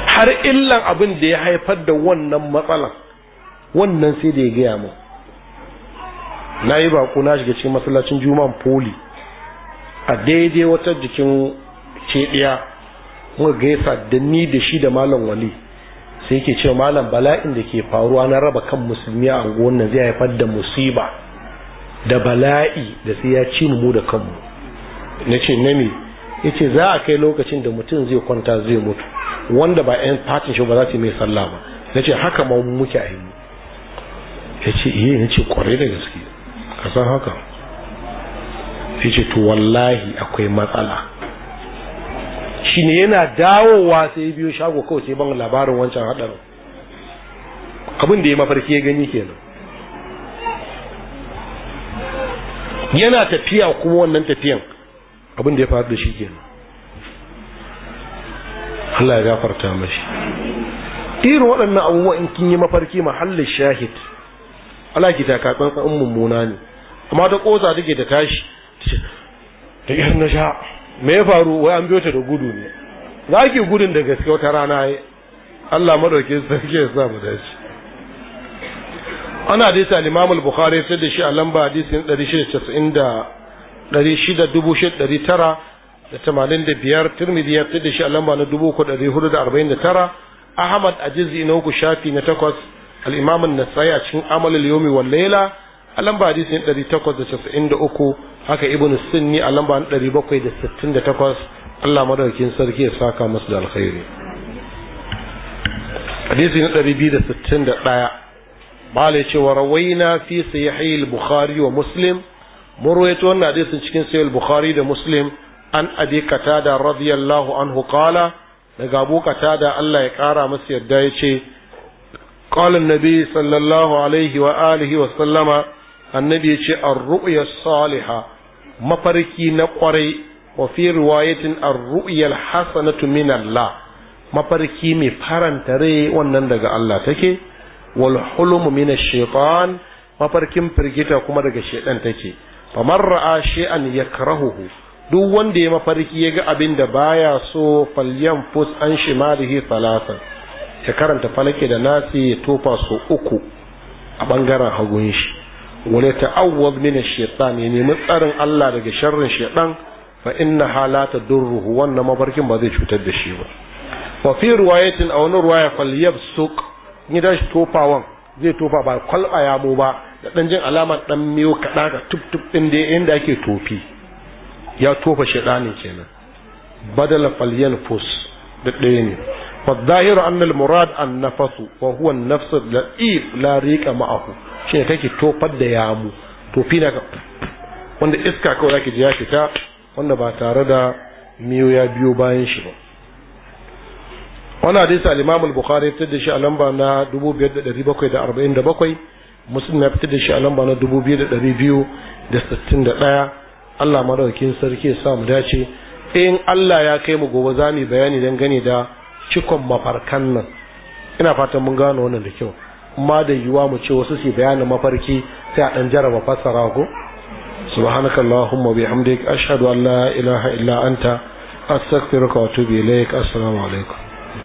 har illan abin da ya haifar da wannan matsalan wannan sai da ya gaya mu na yi baku na shiga cikin masallacin juma'an poli a daidai wata jikin cediya muka gaisa da ni da shi da malam wali sai ke cewa malam bala'in da ke faruwa na raba kan musulmi a unguwan nan zai haifar da musiba da bala'i da sai ya ci mu da kanmu na ce na ya ce za a kai lokacin da mutum zai kwanta zai mutu wanda ba 'yan fatin shi ba za su mai sallah ba na ce haka ma muke a yi ya ce iya eh, ya ce kwarai da gaske ka san haka ya ce to wallahi akwai matsala ne yana dawowa sai biyo shago kawai sai ban labarin wancan hadarin abin da ya mafarki ya gani kenan yana tafiya kuma wannan tafiyan abin da ya faru da shi kenan Allah ya gafarta mashi irin waɗannan abubuwa in kin yi mafarki mahallin shahid Allah ki ta katsan tsan mummuna ne amma ta ƙosa take da tashi ta irin na sha me ya faru wai an biyo ta da gudu ne za ki gudun da gaske wata rana ya Allah madauke sarki ya sa mu dace ana hadisi al-Imam al-Bukhari sai da shi a lamba hadisi 690 da 600 da tamanin da biyar ya fitar da shi a lamba na dubu uku ɗari da arba'in da tara ahmad a jizi na uku shafi na takwas al'imamin nasai a cikin al-Yawmi wal laila a lamba hadisi ɗari takwas da da uku haka ibn sunni a lamba takwas. Allah madaukin sarki ya saka masu da alkhairi hadisi na ɗari biyu da da sittin 261 bale cewa rawaina fi sahih al-bukhari wa muslim mun rawaito wannan hadisin cikin sahih bukhari da muslim an abi katada radiyallahu anhu qala daga abu katada Allah ya kara masa yadda ya ce qala an-nabi sallallahu alaihi wa alihi wa sallama annabi ya ce ar-ru'ya salihah mafarki na kwarai wa fi riwayatin ar-ru'yal hasanatu min Allah mafarki mai faranta rai wannan daga Allah take wal hulmu min ash mafarkin firgita kuma daga shedan take faman ra'a shay'an yakrahuhu duk wanda ya mafarki ya ga abin da baya so falyan fus an shimalihi salatan ya karanta falake da nasi ya tofa so uku a bangaren hagun shi wala ta'awwaz min ash-shaytan ya nemi tsarin Allah daga sharrin shaytan fa inna halata durruhu wannan mabarkin ba zai cutar da shi ba fa fi riwayatin aw nur riwaya yabsuq ni da shi tofawan zai tofa ba kwalba ya ba da dan jin alamar dan miyo kada ga tup tup din da inda ake tofi ya tofa shaytanin kenan badala yanfus da ɗaya ne فالظاهر أن المراد an وهو النفس laib la riqa ma'ahu shi kake tofar da yamu tofi na wanda iska kawai zaki ji ya fita wanda ba tare da miyo ya biyo bayan shi ba wani hadisi al-imam al-bukhari fitar da shi a lamba na 5747 muslim ya fitar da shi a lamba na 2261 Allah madaukakin sarki ya sa dace in Allah ya kai mu gobe za mu bayani dangane da cikon mafarkan nan ina fatan mun gano wannan da kyau ma da yiwuwa mu ce wasu su bayanin mafarki sai a dan jaraba fassara ko subhanaka allahumma bihamdik ashhadu an la ilaha illa anta astaghfiruka wa atubu ilaik assalamu alaikum